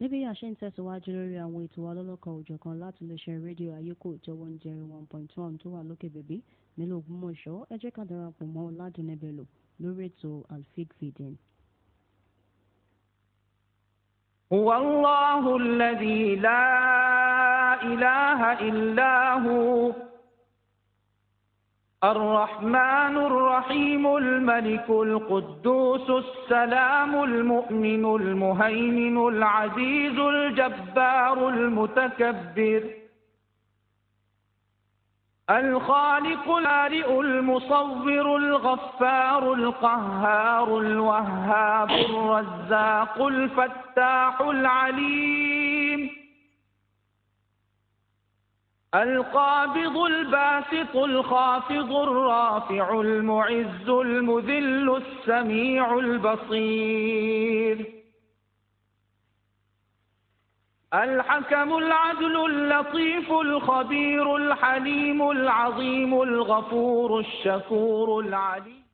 níbi yà ṣe ń tẹ̀síwájú lórí àwọn ètò alọ́lọ́kan òjọ̀kan láti iléeṣẹ́ rédíò ayékò ìjọwọ́ ń jẹrin one point one tó wà lókè bèbí nílùú Ògbómọ̀ṣọ́ ẹ jẹ́ ká darapọ̀ mọ́ Ọládùnní Bello lórí ètò alfik fìdín. Wallahu alladhi la ilaha illa hu. الرحمن الرحيم الملك القدوس السلام المؤمن المهيمن العزيز الجبار المتكبر الخالق الارئ المصور الغفار القهار الوهاب الرزاق الفتاح العليم القابض الباسط الخافض الرافع المعز المذل السميع البصير الحكم العدل اللطيف الخبير الحليم العظيم الغفور الشكور العليم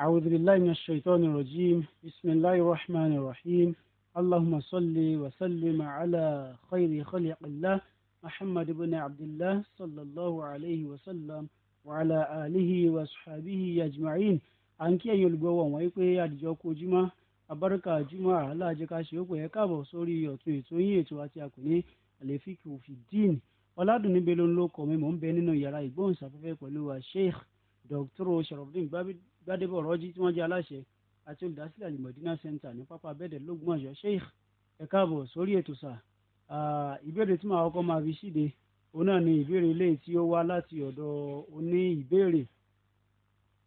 أعوذ بالله من الشيطان الرجيم بسم الله الرحمن الرحيم اللهم صل وسلم على خير خلق الله محمد بن عبد الله صلى الله عليه وسلم وعلى آله وصحبه أجمعين an kí ẹ̀yin olùgbọ́wọ́ wọ̀nyí pé àdìjọ kú ojúmọ́ abárúkà ojúmọ́ aláàjẹká ṣe ó pé ẹ káàbọ̀ sórí ọ̀tún ètò yín ètò àti àkùnrin àlèfíkì òfìdín ọ̀làdùnní belon ló kọ́ mi mò ń bẹ nínú yàrá ìgbóhùnsáfẹ́fẹ́ pẹ̀lú wa sheikh dr sharafdin gbadebo rọ́jí tí wọ́n jẹ́ aláṣẹ àti olùdásílẹ̀ alimọ̀dínà center ní pápá abẹ́dẹ̀ lógúnmọ̀ṣọ́ sheikh ẹ káàbọ̀ sórí ètò sáà ìbéèrè tí màá kọ́ máa fi ṣíde òun náà ni ìbéèrè eléyìí tí ó wá láti ọ̀dọ̀ oní ìbéèrè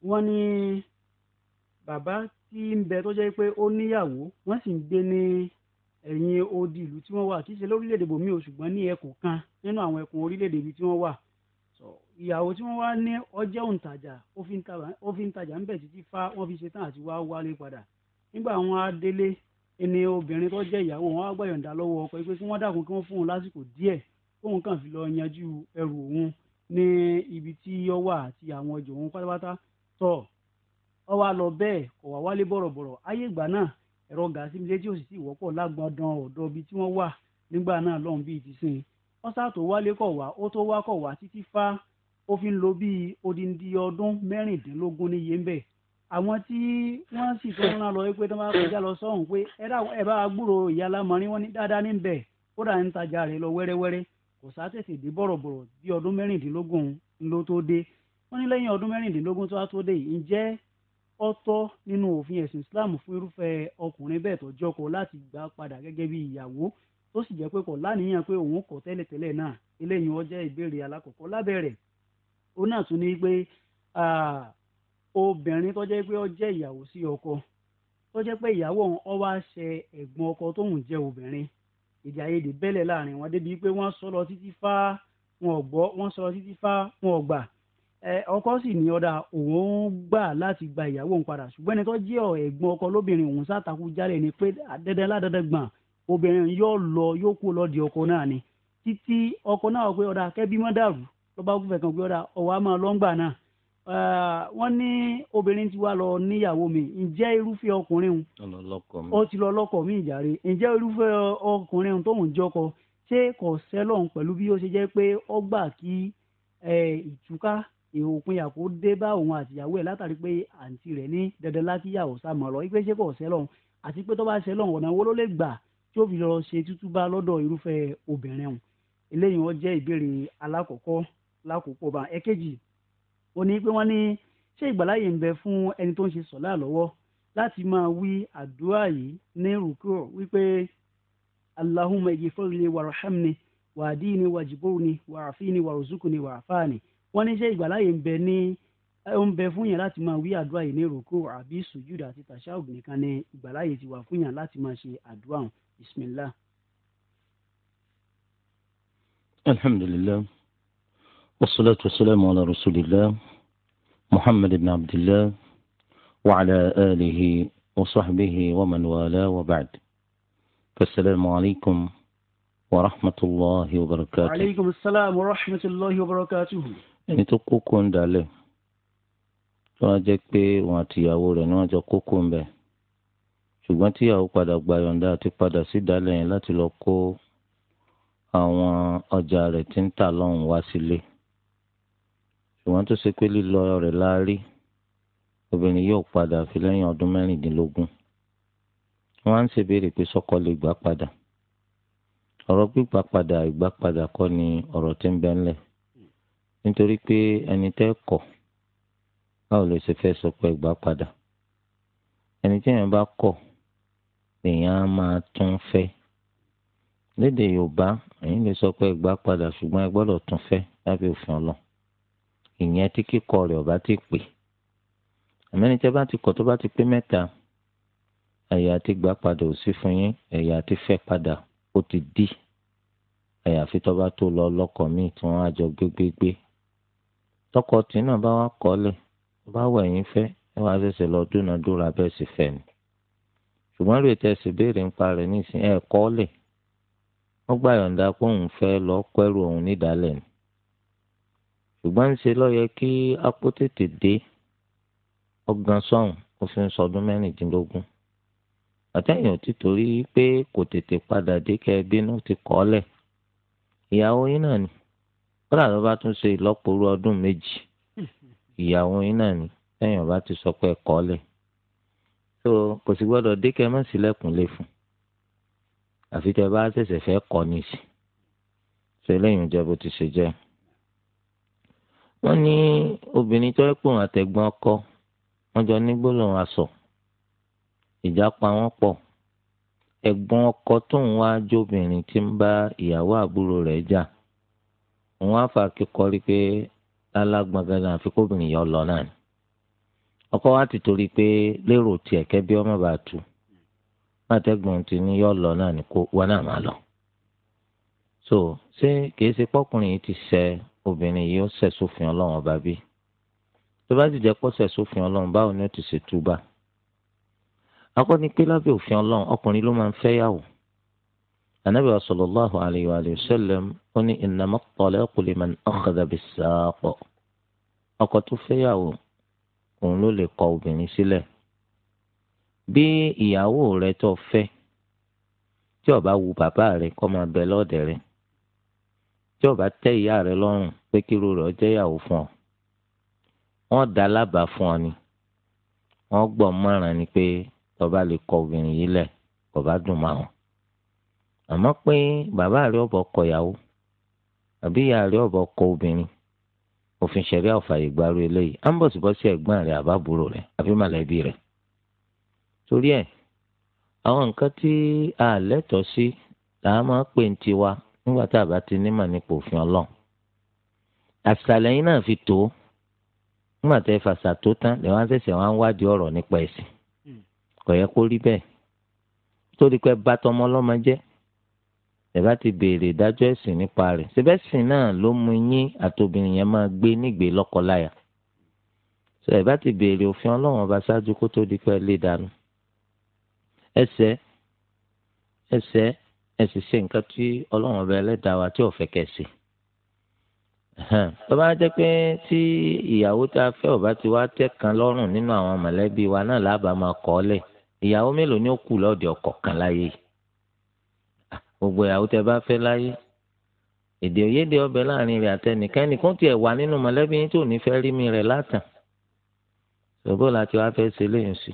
wọ́n ní bàbá tí ń bẹ tó jẹ́ pé ó níyàwó wọ́n sì ń gbé ní ẹ̀yìn odi ìlú tí wọ́n wà kì í ṣe lórílẹ̀‐èdè bòmí o ṣùgbọ́n ní ẹkùn kan nínú àwọn ẹkùn orílẹ̀‐èdè ibi tí wọ́n wà ìyàwó tí wọ́n wá ní ọjọ́ òǹtajà ó fi ń tajà ń bẹ̀ títí fá wọ́n fi ṣetán àti wá wálé padà nígbà wọn á ni obìnrin tó jẹ́ ìyàwó wọn á gbà yọ̀ǹda lọ́wọ́ ọkọ pé kí wọ́n dákun kí wọ́n fún un lásìkò díẹ̀ kóun kàn fi lọ yanjú ẹrù òun ní ibi tí ó wà àti àwọn ọjọ́ òun pátápátá tọ̀ ọ wá lọ bẹ́ẹ̀ kò wá wálé bọ̀rọ̀bọ̀rọ̀ ayé ìgbà náà ẹ̀rọ gàásì mi létí òsì sí ìwọ́pọ̀ lágbọ̀ndàn ọ̀dọ̀ ibi tí wọ́n wà nígbà náà lọ́hùn bíi ti sìn wọ́n sàtò wálé kọ̀ wá ó tó wá kọ̀ wá títí fá ó fi ń lo bíi odindi ọdún mẹ́rìndínlógún níye ń bẹ̀ àwọn tí wọ́n sì fẹ́ rán lọ pé tí wọ́n bá kọjá lọ sọ́hùn pé ẹ bá gbúrò ìyá lámọ́rin wọn ní dáadáa níbẹ̀ kódà ń tajà rẹ̀ lọ wẹ́rẹ́wẹ́rẹ́ kò sátẹ̀sì dé bọ̀rọ̀bọ̀rọ̀ bí ọdún mẹ́rìndínlógún ló tó dé wọ́n ní lẹ́yìn ọdún mẹ́rìndínlógún tó wá tó dé yìí ǹjẹ́ ọ̀tọ̀ nínú òfin ẹ̀sìn Islam fún irúfẹ́ ọkùnrin bẹ́ẹ̀ obìnrin tó jẹ́ pé ó jẹ́ ìyàwó sí ọkọ tó jẹ́ pé ìyàwó òun ó wá ṣe ẹ̀gbọ́n ọkọ tóun jẹ́ obìnrin èdè àìyedè bẹ́lẹ̀ láàrin wọn débi pé wọ́n sọ lọ títí fá wọn ò gbọ́ wọ́n sọ lọ títí fá wọn ò gbà ọkọ sì ní ọ̀dà òun gbà láti gba ìyàwó òun padà ṣùgbọ́n ẹni tó jẹ́ ẹ̀gbọ́n ọkọ lóbìnrin òun sàtàkù jálẹ̀ ni pé dẹ́dẹ́ ládẹ́dẹ́ gbọ̀n obìnrin yóò lọ yóò kó lọ ọkọ náà ni títí ọkọ náà pé ọ̀dà kẹ́bí mọ́ dàrú ló bá kúfẹ̀ kan pé ọ̀dà ọ̀wá máa lọ́ngbà náà Eh, wọ́n ní obìnrin ti wá lọ níyàwó mi ǹjẹ́ irúfẹ́ ọkùnrin òun ó ti lọ lọ́kọ mi ìjàre ǹjẹ́ irúfẹ́ ọkùnrin òun tóun jọkọ ṣé kò sẹ́lọ̀n pẹ̀lú bí ó ṣe jẹ́ pé ó gbà kí ìtúká ìhòpin àkó dé bá òun àtìyàwó ẹ̀ látàrí pé àǹtí rẹ̀ ní dandan lákìyàwó sàmọ̀ lọ ipe ṣé kò sẹ́lọ̀n àti pé tó bá sẹ́lọ̀n ọ̀nà wo ló lè gbà tí ó fi lọ ṣe tútúbá lọ́dọ̀ irúfẹ́ obìnrin òun eléyìí wọ́n jẹ́ ìbéèrè alákọ̀ọ́kọ́ lákòókò bá ẹ̀kejì ó ní pé wọ́n ní ṣé ìgbàláyè ń bẹ fún ẹni tó ń ṣe sọ̀lá lọ́wọ́ láti máa wí àdúrà yìí ní rúkúrò wípé allahumma ighfirli warhamni wàdíni wàjibóni wàràfíni wàrùzùkùni wàràfáàni wọ́n ní ṣé ìgbàláyè ń bẹ ní ó ń bẹ fún yàn láti máa wí àdúrà yìí ní rúkúrò àbí sùjúdà àti tàṣàwùd nìkan ni ìgbàláyè ti wà fún yàn láti máa ṣe àdúrà bismillah. alhamdulillah. والصلاة والسلام على رسول الله محمد بن عبد الله وعلى آله وصحبه ومن والاه وبعد فالسلام عليكم ورحمة الله وبركاته عليكم السلام ورحمة الله وبركاته ẹni tó kókó ń dalẹ̀ tó wá jẹ́ pé òun àtìyàwó rẹ̀ ni wọ́n jọ kókó ń bẹ̀ ṣùgbọ́n tíyàwó padà gba yọ̀ǹda àti padà sí ìdálẹ̀ yẹn láti lọ kó àwọn ọjà rẹ̀ tí ń tà lọ́hùn wá sílé. Si ṣùgbọ́n tó ṣe pé lílọ rẹ̀ láárí obìnrin yóò padà fi lẹ́yìn ọdún mẹ́rìndínlógún wọ́n á ń ṣèbéèrè pé sọ́kọ lè gbà padà ọ̀rọ̀ gbígbà padà ìgbà padà kọ́ ni ọ̀rọ̀ tí ń bẹ ńlẹ̀ nítorí pé ẹni tẹ́ kọ̀ báwo lè ṣe fẹ́ sọ pé ìgbà padà ẹni tí èèyàn bá kọ̀ èèyàn á máa tún fẹ́ lédè Yorùbá èyí lè sọ pé ìgbà padà ṣùgbọ́n ẹ gbọ́dọ̀ tún fẹ́ lábẹ́ òfin Ọlọ́run ìyẹn tí kíkọ rẹ̀ ọba ti pè àmẹ́nitẹ́ bá ti kọ̀ tó bá ti pé mẹ́ta ẹ̀yà àti gbà padà ò sí fún yín ẹ̀yà àti fẹ́ padà ó ti dí àyàfi tó bá tó lọ lọ́kọ míì tí wọ́n á jọ gbégbégbé tọkọ tí náà bá wà kọ́lẹ̀ tó bá wà yín fẹ́ ẹ wàá ṣẹ̀ṣẹ̀ lọ dúnadúrà bẹ́ẹ̀ sì fẹ́ ni ṣùgbọ́n rèé tẹ̀sí béèrè ń parẹ́ nísìnyí ẹ̀ kọ́lẹ̀ wọ́n gbà yọ̀ǹda pé òun fẹ́ lọ pẹ́rù òun nídàálẹ̀ ni ṣùgbọ́n ṣe ló yẹ kí apó tètè dé ọgbọ̀n sọ́hùn ó sọdún mẹ́rìndínlógún àtẹ̀yìn ò ti torí pé kò tètè padà dé kẹ́ ẹ bínú ti kọ́ lẹ̀ ìyàwó yín náà ni kódà ló bá tún ṣe ìlọ́pọ̀rú ọdún méjì ìyàwó yín náà ni tẹ̀yìn ọba ti sọ pé kọ́ lẹ̀ tó kò sì gbọ́dọ̀ dé kẹ́ ẹ má ṣílẹ̀kùn lé fún àfi tẹ́ bá ṣẹ̀ṣẹ̀ fẹ́ kọ́ nìyí ṣe lẹ́yìn ìjọba ti ṣe jẹ́ wọ́n ní obìnrin tó ẹ̀pọ̀n àtẹ̀gbọ́n ọkọ wọ́n jọ ní gbólóhùn aṣọ ìjà pa wọ́n pọ̀ ẹ̀gbọ́n ọkọ tóun wá jóbìnrin tí ń bá ìyàwó àbúrò rẹ̀ jà òun á fà kíkọrí pé alágbọ̀ngàdà àfi kóbìnrin yọ lọ náà ni ọkọ wa ti torí pé lérò tiẹ̀ kẹ́bí ọmọ bá tu látẹ̀gbọ́n ti ní yọ lọ náà ni kó wọn náà máa lọ so ṣé kìí ṣe pọ́kùnrin ti ṣẹ obìnrin yìí ó ṣẹ̀ sófin ọlọ́run ọba bí tó bá sì jẹ́ pọ́ ṣẹ̀ sófin ọlọ́run báwo ni ó ti ṣe túbà akọ́ ni pé lábẹ́ òfin ọlọ́run ọkùnrin ló máa ń fẹ́ yàwó anabi sallallahu alayhi wa sallam ó ní innama talaqu liman akhadha bis-saq ọkọ tó fẹ́ yàwó òun ló lè kọ obìnrin sílẹ̀ bí ìyàwó rẹ tó fẹ́ tí ó wu bàbá rẹ kó máa bẹ lọ́ọ̀dẹ̀ rẹ̀ tí ó bá tẹ́ ìyá rẹ lọ́rùn pé kíru rẹ̀ jẹ́ ìyàwó fún ọ wọ́n dá lábàá fún ọ ni wọ́n gbọ́ mọ́ràn ni pé tọba lè kọ obìnrin yìí lẹ̀ kò bá dùn máa wọn. àmọ́ pé bàbá rẹ ọ̀bọ̀ kọ ìyàwó àbí ìyá rẹ ọ̀bọ̀ kọ obìnrin òfin ṣẹ̀rí àfààyè gbaru eléyìí á ń bọ̀sibọ́sí ẹ̀gbọ́n rẹ àbábúrò rẹ àbí màlẹ́bí rẹ. torí ẹ̀ àwọn nǹkan tí a lẹ́tọ̀ọ́ sí là máa pè ń tiwa nígbà tá a bá ti nímọ̀ nípa òfin ọlọ́run àfìsàlẹ̀ yín náà fi tó nígbà tá ẹ fàṣà tó tán lè wá ṣẹ̀ṣẹ̀ wá ń wádìí ọ̀rọ̀ nípa ẹ̀sìn hmm. kò yẹ kó rí bẹ́ẹ̀ torí pé bá tọmọ ọlọ́mọ jẹ́ ẹ bá ti béèrè ìdájọ́ ẹ̀sìn nípa rẹ̀ ṣẹbẹ́sìn náà ló mú yín àtòbìnrin yẹn máa gbé nígbè lọ́kọláya ṣe ti béèrè òfin ọlọ́run ọba ṣáájú kó tó di pé ẹ lè dànù ẹsẹ̀ ẹsẹ̀ ẹ sì ṣe nǹkan tí ọlọ́run ọba ẹlẹ́dàá wa tí ò fẹ́ kẹ́ ṣe. tó bá jẹ́ pé tí ìyàwó tá a fẹ́ ọba ti wá tẹ́ kan lọ́rùn nínú àwọn mọ̀lẹ́bí wa náà lábàá máa kọ́ ọ ìyàwó mélòó ni ó kù lọ́ọ̀dẹ̀ ọkọ kan láyé yìí. Ah, gbogbo ìyàwó tẹ bá fẹ́ láyé èdè òyédè ọbẹ̀ láàrin rẹ̀ àtẹnìkan ẹnìkan tiẹ̀ wà nínú mọ̀lẹ́bí yín ní fẹ́ rí mi rẹ̀ látàn ṣòbó láti wá fẹ́ ṣe léyìn sí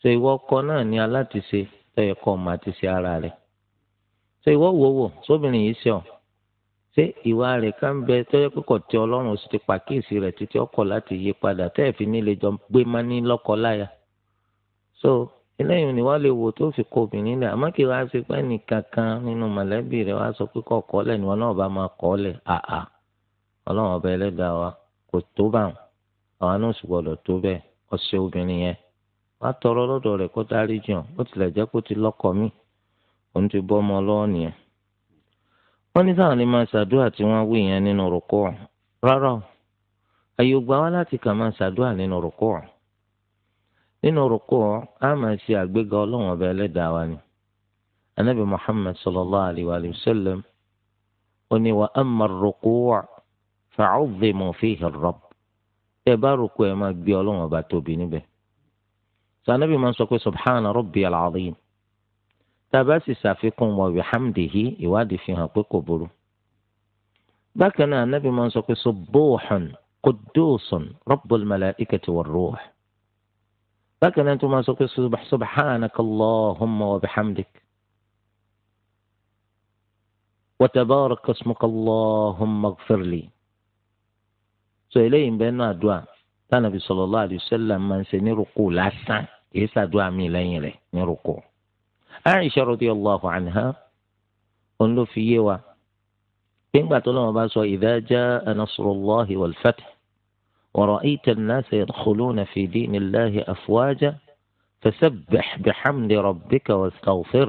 ṣe ìwọ ọkọ náà ni aláti ṣe tẹ́yẹ kọ́ ọmọ àti ṣe ara rẹ̀ ìwọ wò wò sóbìnrin yìí ṣe iwa ṣé ìwà rẹ̀ kan bẹ tọyọ pípọ tí Ọlọ́run ti pàkíyèsí rẹ títí ọkọ láti yí padà fi nílé jọ gbé má so eléyìí ni wọ́n lè wò tó fi kọ obìnrin lẹ àmọ́ kí wàá ṣe pé nìkankan nínú mọ̀lẹ́bí rẹ̀ wàá sọ pé kọkọ lẹ ni lẹ àà ọba wa kò tó bá wọn àwọn náà sì tó tọrọ rẹ kó dárí ó òun ti bọ́ ọmọ ọlọ́wọ́ nìyẹn wọ́n ní sáà lè máa ṣàdúrà tí wọ́n wí yẹn nínú rúkọ́ rárá o àyè ògbà wa láti kà máa ṣàdúrà nínú rúkọ́ nínú rúkọ́ á máa ṣe àgbéga ọlọ́wọ́n ọba ẹlẹ́dàá wa ni anabi muhammad sallallahu alayhi wa sallam ó ní wa amma rúkọ́ fa'azzimu fihi rabb ẹ bá rúkọ́ ẹ máa gbé ọlọ́wọ́n ọba tóbi níbẹ̀ sànàbì máa ń sọ pé subhana rabbiyal azim. tába sì ṣàfikún wa bihamdihi ìwádìí fi hàn pé kò burú. bákan náà anábì máa ń sọ pé so dóòsàn subuhun qudusun ìkẹtì wọ̀ war ruwa bákan náà tó máa sọ pé so subhanaka allahumma wa bihamdik. wa tabaraka ismuka allahumma ighfir li. sọ eléyìí ń bẹ́ẹ̀ náà dùn à tánàbì sallallahu alaihi wasallam máa ń ṣe ní rúkú lásán kì í ṣàdúrà mí lẹ́yìn rẹ̀ ní rúkú. Aisha radiyallahu anha òun ló fi yé wa nígbà tó lọ́wọ́ bá sọ idha jaa nasrullahi wal fath wa ra'ayta an-nasa yadkhuluna fi dinillahi afwaja fasabbih bihamdi rabbika wastaghfir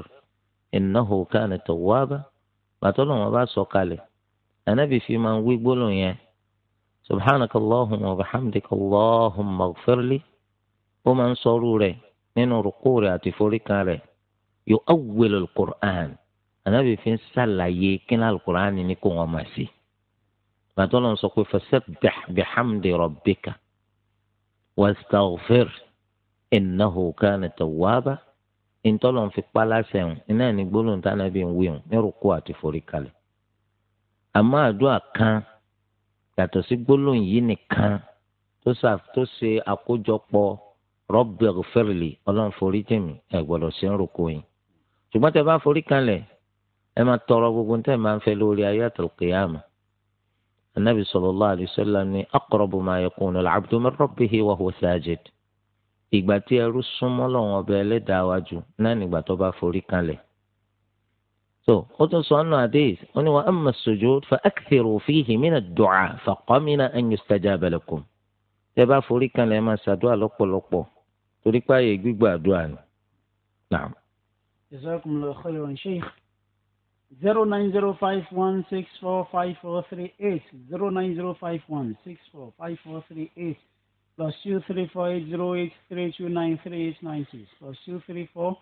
innahu kana tawwaba bàtọ́ lọ́wọ́ bá sọ kalẹ̀ anabi fi máa ń wí gbólóhùn yẹn subhanaka allahumma wa bihamdika allahumma ighfir li ó máa ń sọ rú rẹ̀ nínú rúkú rẹ̀ àti foríkan rẹ̀ yu'awwilu al-Qur'an ànábì fi ń sàlàyé kíni al-Qur'an ni kò wọ́n máa ṣe gbàtọ́ lọ́n sọ pé fasabbih bihamdi rabbika wastaghfir innahu kana tawwaba ìtọ́lọ́n fi pálá sẹ́wọ̀n iná ní gbólóhùn tánàbí ń wíwọ̀n ní rúkú àti foríkalẹ̀ àmọ́ àdúrà kan yàtọ̀ sí gbólóhùn yìí nìkan tó ṣe àkójọpọ̀ rabbighfirli ọlọ́run forí jìn ẹ̀ gbọ́dọ̀ sí ń rúkú yìí ṣùgbọ́n tẹ bá forí kanlẹ̀ ẹ máa tọrọ gbogbo tẹ máa ń fẹ́ lórí ayé àtàlùkìyàmà anabi sallallahu alayhi wa sallam ni aqrabu ma yakunu al-abdu min rabbihi wa huwa sajid ìgbà tí ẹrú súnmọ́ lọ́wọ́ ọbẹ̀ ẹlẹ́dàá wájú náà nígbà tó bá forí kanlẹ̀ so ó tún sọ ọ́nà àdéhìs ó ní wa amma as-sujud fa akthiru fihi mina ad-du'a fa qamina an yustajaba lakum tẹ bá forí kanlẹ̀ ẹ máa lọ́pọ̀lọpọ̀ torí gbígbà àdúrà ni jazakumullahu khairan sheikh zero nine zero five one six four five four three eight zero nine zero five one six four five four three eight plus two three four eight zero eight three two nine three eight nine plus two three four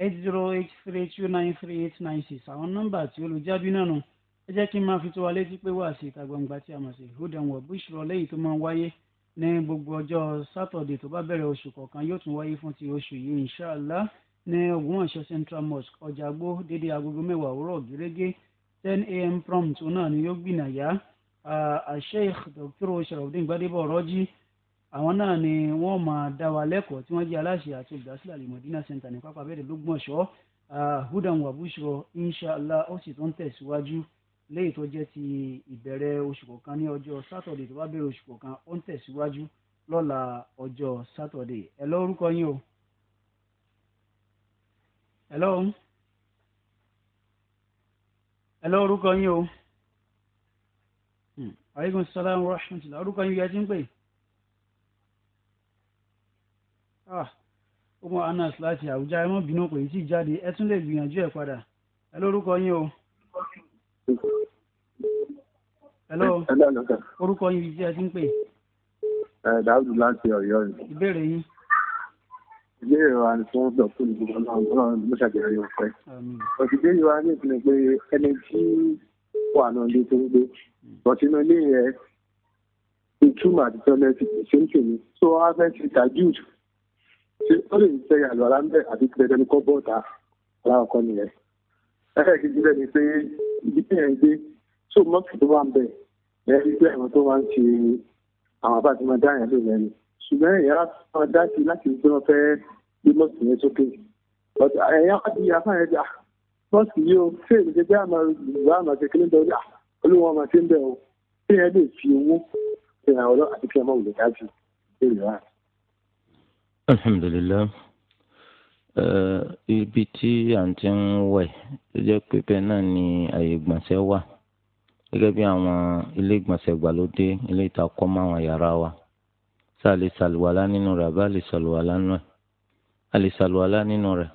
eight zero eight three two nine three eight nine six àwọn nọ́mbà tí olùjábí náà nù ẹ jẹ́ kí n máa fi tó wa létí pé wá sí ìta gbangba tí a mọ̀ sí ìhódàwọ̀ bíṣọ lẹ́yìn tó máa ń wáyé ní gbogbo ọjọ́ sátọ̀dẹ̀ tó bá bẹ̀rẹ̀ oṣù kọ̀ọ̀kan yóò tún wáyé fún ti oṣù yìí inṣáàlá ní Ògbómọ̀ṣọ́ Central Mosque Ọ̀jàgbó dédé agogo mẹ́wàá òwúrọ̀ gẹ́gẹ́ ten a.m. prompt òun náà ni yóò gbìnàyà Sheikh Dr. Sharafdin Gbadebo Ọ̀rọ́jì àwọn náà ni wọ́n máa dá wa lẹ́kọ̀ọ́ tí wọ́n jẹ́ aláṣẹ àti olùdásílẹ̀ al Center ní pápá abẹ́rẹ́ lógbọ̀nsọ́ hudan wabushro inshallah ó sì tún tẹ̀síwájú léyìí tó jẹ́ ti ìbẹ̀rẹ̀ oṣù kọ̀ọ̀kan ní ọjọ́ sátọ̀dẹ̀ tó bá bẹ̀rẹ̀ oṣù kọ̀ọ̀kan ó ń tẹ̀síwájú lọ́la ọjọ́ sátọ̀dẹ̀ ẹ lórúkọ yín o. hello hello orúkọ yín o hmm. aleykum salaam wa rahmatulah orúkọ yín yẹ ti ń pè ọmọ ah, anas láti àwùjá ẹ mọ bínú jáde ẹ tún lè hello orúkọ yín o hello orúkọ yín ti ń pè. ẹ eh, ìbéèrè wa ni tí wọ́n sọ fún ìgbìmọ̀ náà ọlọ́run ló ṣàjọyọ̀ ọ̀fẹ́. òṣìṣẹ́ ìwà ní ìpínlẹ̀ pé ẹni tí wà náà lé tó ń gbé bọ̀sínú ilé yẹn ìtumọ̀ àti tọ́lẹ́tì ṣe ń tèmi tó wá fẹ́ ti tajúd ṣé ó lè fẹ́ yàrá ara ń bẹ̀ àti tẹ̀lé ní kọ́bọ̀tà aláwọ̀kọ́ nìyẹn. ẹ̀ẹ́dẹ̀kejì bẹ́ẹ̀ ni pé ibi tí ẹ̀ ń gbé tó mọ́tò tó wà ń bẹ̀ ẹ̀ ẹ́ pé àwọn tó wá ń ṣe àwọn àbá ṣùgbọ́n ẹ̀yà máa dá sí láti gbé wọn fẹ́ gbé mọ́ọ̀sì yẹn sókè ẹ̀yà wá di afá yẹn mọ́ọ̀sì yìí o ṣé èmi ṣe àmà ìgbà àmà kékeré dọ̀rí à olúwa máa ṣe ń bẹ̀ o ṣé ẹ lè fi owó ṣe àwọn àti kí ẹ máa dájú ṣé ìlú wa. alhamdulilayi ibi tí à ń ti ń wẹ̀ tó jẹ́ pé bẹ́ẹ̀ náà ni àyè ìgbọ̀nsẹ̀ wà gẹ́gẹ́ bí àwọn ilé ìgbọ̀nsẹ̀ ìgbàlódé ilé ìtakọ́ máwọn yàrá wa tá a lè ṣàlùwàlá nínú rẹ̀ àbá lè ṣàlùwàlá nínú rẹ̀ a lè ṣàlùwàlá nínú rẹ̀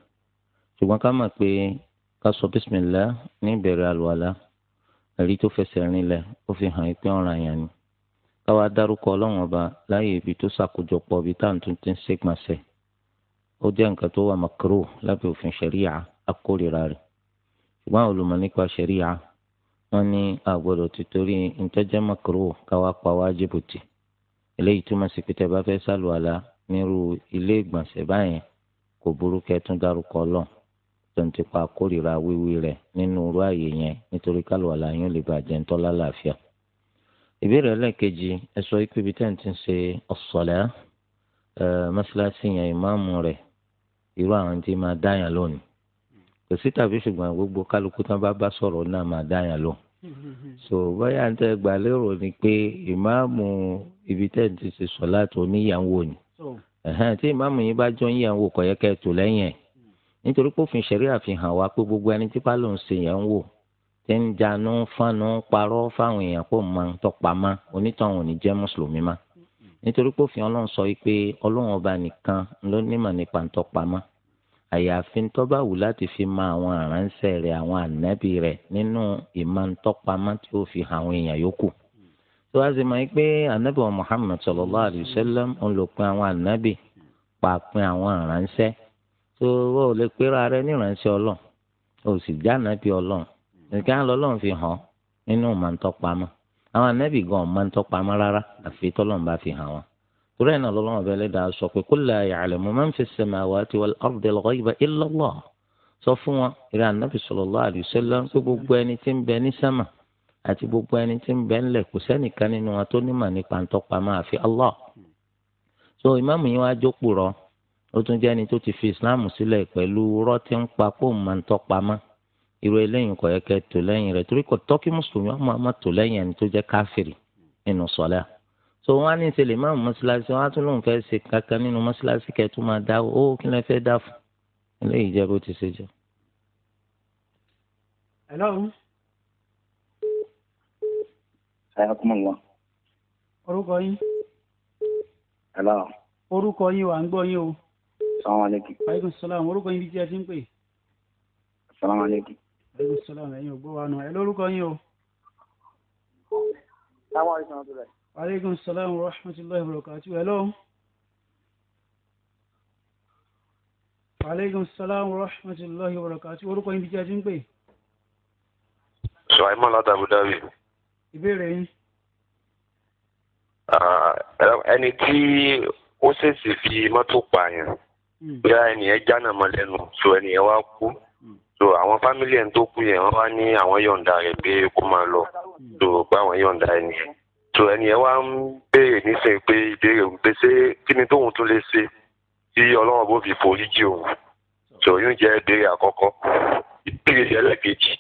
ṣùgbọ́n ká mọ̀ pé ká sọ bísímìlá ní ìbẹ̀rẹ̀ àlùwàlá ẹ̀rí tó fẹsẹ̀ rinlẹ̀ ó fi hàn pé ọ̀ràn àyàn ni káwa dárúkọ ọlọ́run ọba láàyè ibi tó ṣàkójọpọ̀ ibi tá à ń tún ti ń ṣègbọ̀nsẹ̀ ó jẹ́ nǹkan tó wà makaro lábẹ́ òfin ṣẹ̀ríà akórira rẹ̀ ṣùgbọ́n àwọn olùmọ̀ nípa ṣẹ̀ríà wọ́n ní àgbọ̀dọ̀ ti torí ntọ́jẹ́ makaro káwa pa wájibù tì eléyìí túmọ̀ sí pé tẹ́ bá fẹ́ sàlùwàlà nírú ilé ìgbọ̀nsẹ̀ báyẹn kò burú kẹ́ tún dárúkọ ọlọ́run tó ń tipa kórìíra wíwí rẹ̀ nínú irú ààyè yẹn nítorí kálùwàlà yín ò lè bàjẹ́ ń tọ́lá làáfíà. ìbéèrè ẹlẹ́ẹ̀kejì ẹ sọ ikú ibi tẹ́ ń ti ṣe ọ̀sọ̀lá mọ́ṣáláṣí yẹn ìmáàmù rẹ̀ irú àwọn tí máa dáyàn lónìí kò sí tàbí ṣùgbọ́n gbogbo kálukú tán bá bá sọ̀rọ̀ náà máa dáyàn lónìí so bóyá ń tẹ gbà lérò ni pé ìmáàmù ibi tẹ́ ti ṣe sọ láti oníyàwó ni tí ìmáàmù yín bá jọ níyàwó kò yẹ kẹ́ tó lẹ́yìn ẹ̀ nítorí pé òfin ṣẹ̀rí àfihàn wa pé gbogbo ẹni tí pálọ̀ ń ṣe yẹn ń wò tí ń janú fánú parọ́ fáwọn èèyàn kó mọ tọpamọ́ onítọ̀hún ò ní jẹ́ mùsùlùmí má nítorí pé òfin ọlọ́run sọ pé ọlọ́run ọba nìkan ló nímọ̀ nípa tọpamọ́ àyàfi tó bá wù láti fi mọ àwọn àránṣẹ́ rẹ̀ àwọn ànábì rẹ̀ nínú ìmọ̀ntọ́pamọ́ tí ó fi hàn àwọn èèyàn yòókù. tó wá sí máa ń pé ànábì wa Muhammad sallallahu alayhi wa sallam ń lò pin àwọn ànábì pàpin àwọn àránṣẹ́ tó o lè pera rẹ ní ìránṣẹ́ ọlọ́run o sì já ànábì ọlọ́run nìkan á lọ ọlọ́run fi hàn nínú ìmọ̀ntọ́pamọ́ àwọn ànábì gan ọ̀mọ̀ntọ́pamọ́ rárá àfi tọ́lọ́run bá fi torí ẹ̀ náà lọ́lọ́run ọ̀bẹ ẹlẹ́dàá sọ pé kó la ya'lamu man fi samawati wal ardi al-ghayba illa Allah sọ fún wọn ìrẹ́ ànábì sallallahu alaihi wasallam pé gbogbo ẹni tí ń bẹ ní sẹ́mà àti gbogbo ẹni tí ń bẹ ńlẹ̀ kò sẹ́nìkan nínú wọn tó nímọ̀ nípa ń tọ́pa máa fi Allah. so ìmáàmù yìí wàá jókòó rọ ó tún jẹ́ ẹni tó ti fi Islam sílẹ̀ pẹ̀lú rọ́ tí ń pa pò máa ń tọ́pa mọ́ irú eléyìí kò yẹ kẹ́ tò lẹ́yìn rẹ̀ torí kò tọ́kí mùsùlùmí ọmọ ọmọ tò lẹ́yìn ẹni tó jẹ́ káfìrì nínú sọ́lá so wọn á ní ìṣẹ̀lẹ̀ máa mú mọ́ṣáláṣí wọn á tún lóun fẹ́ẹ́ ṣe kankan nínú mọ́ṣáláṣí kẹtù máa dá ó kí lẹ fẹ́ẹ́ dá fún eléyìí jẹ bó ti ṣe jẹ. hello. ṣayàkùmọ̀lá. orúkọ yín. hello. orúkọ yín wà ń gbọ́ yín o. salaamaleykum. aleykum salaam orúkọ yín bí tí ẹ ti ń pè. salaamaleykum. aleykum salaam ẹ̀yin ò gbọ́ wa nù ẹ lórúkọ yín o. salaamaleykum aleykum salaam wa rahmatulahi wa barakatuh hello. aleykum salaam wa rahmatulahi wa barakatuh orúkọ yín bí jẹ́ ti ń pè. Suleiman láti Abu Dhabi. ìbéèrè yín. ẹni tí ó ṣèṣì fi mọ́tò pààyàn hmm. bí ẹnìyẹn jáná mọ́ lẹ́nu so ẹnìyẹn wá kú hmm. so àwọn fámìlì ẹni tó kú yẹn wọ́n wá ní àwọn yọ̀ǹda rẹ̀ pé kó máa lọ hmm. so pé àwọn yọ̀ǹda ẹnìyẹn tó ẹni ẹ wá ń béèrè nísìnyí pé ìbéèrè òun pé ṣé kí ni tóun tún lè ṣe tí ọlọ́run bó fi forí jì òun tó yóò jẹ́ ìbéèrè àkọ́kọ́ ìbéèrè ẹlẹ́kejì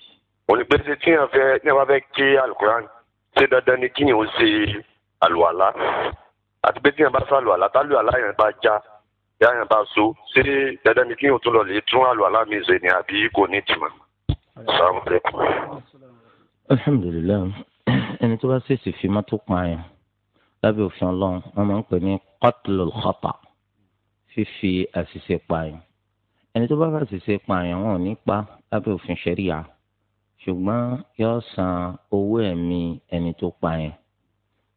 òun ni pé ṣé tí yàn fẹ́ ní wọ́n fẹ́ ké alukuran ṣé dandan ni kí yàn ó ṣe àlùwàlá àti pé tí yàn bá sọ àlùwàlá tálùwàlá yàn bá já yàrá bá so ṣé dandan ni kí yàn ó tún lọ lè tún àlùwàlá mi ṣe ni àbí kò ní tìmọ̀ ẹni tó bá ṣèṣì fi mọ́tò pààyàn lábẹ́ òfin ọlọ́run wọ́n máa ń pè ní qatlul khata fífi àṣìṣe pààyàn ẹni tó bá fà ṣìṣe pààyàn wọn ò ní pa lábẹ́ òfin ṣẹ̀ríà ṣùgbọ́n yóò san owó ẹ̀mí ẹni tó pààyàn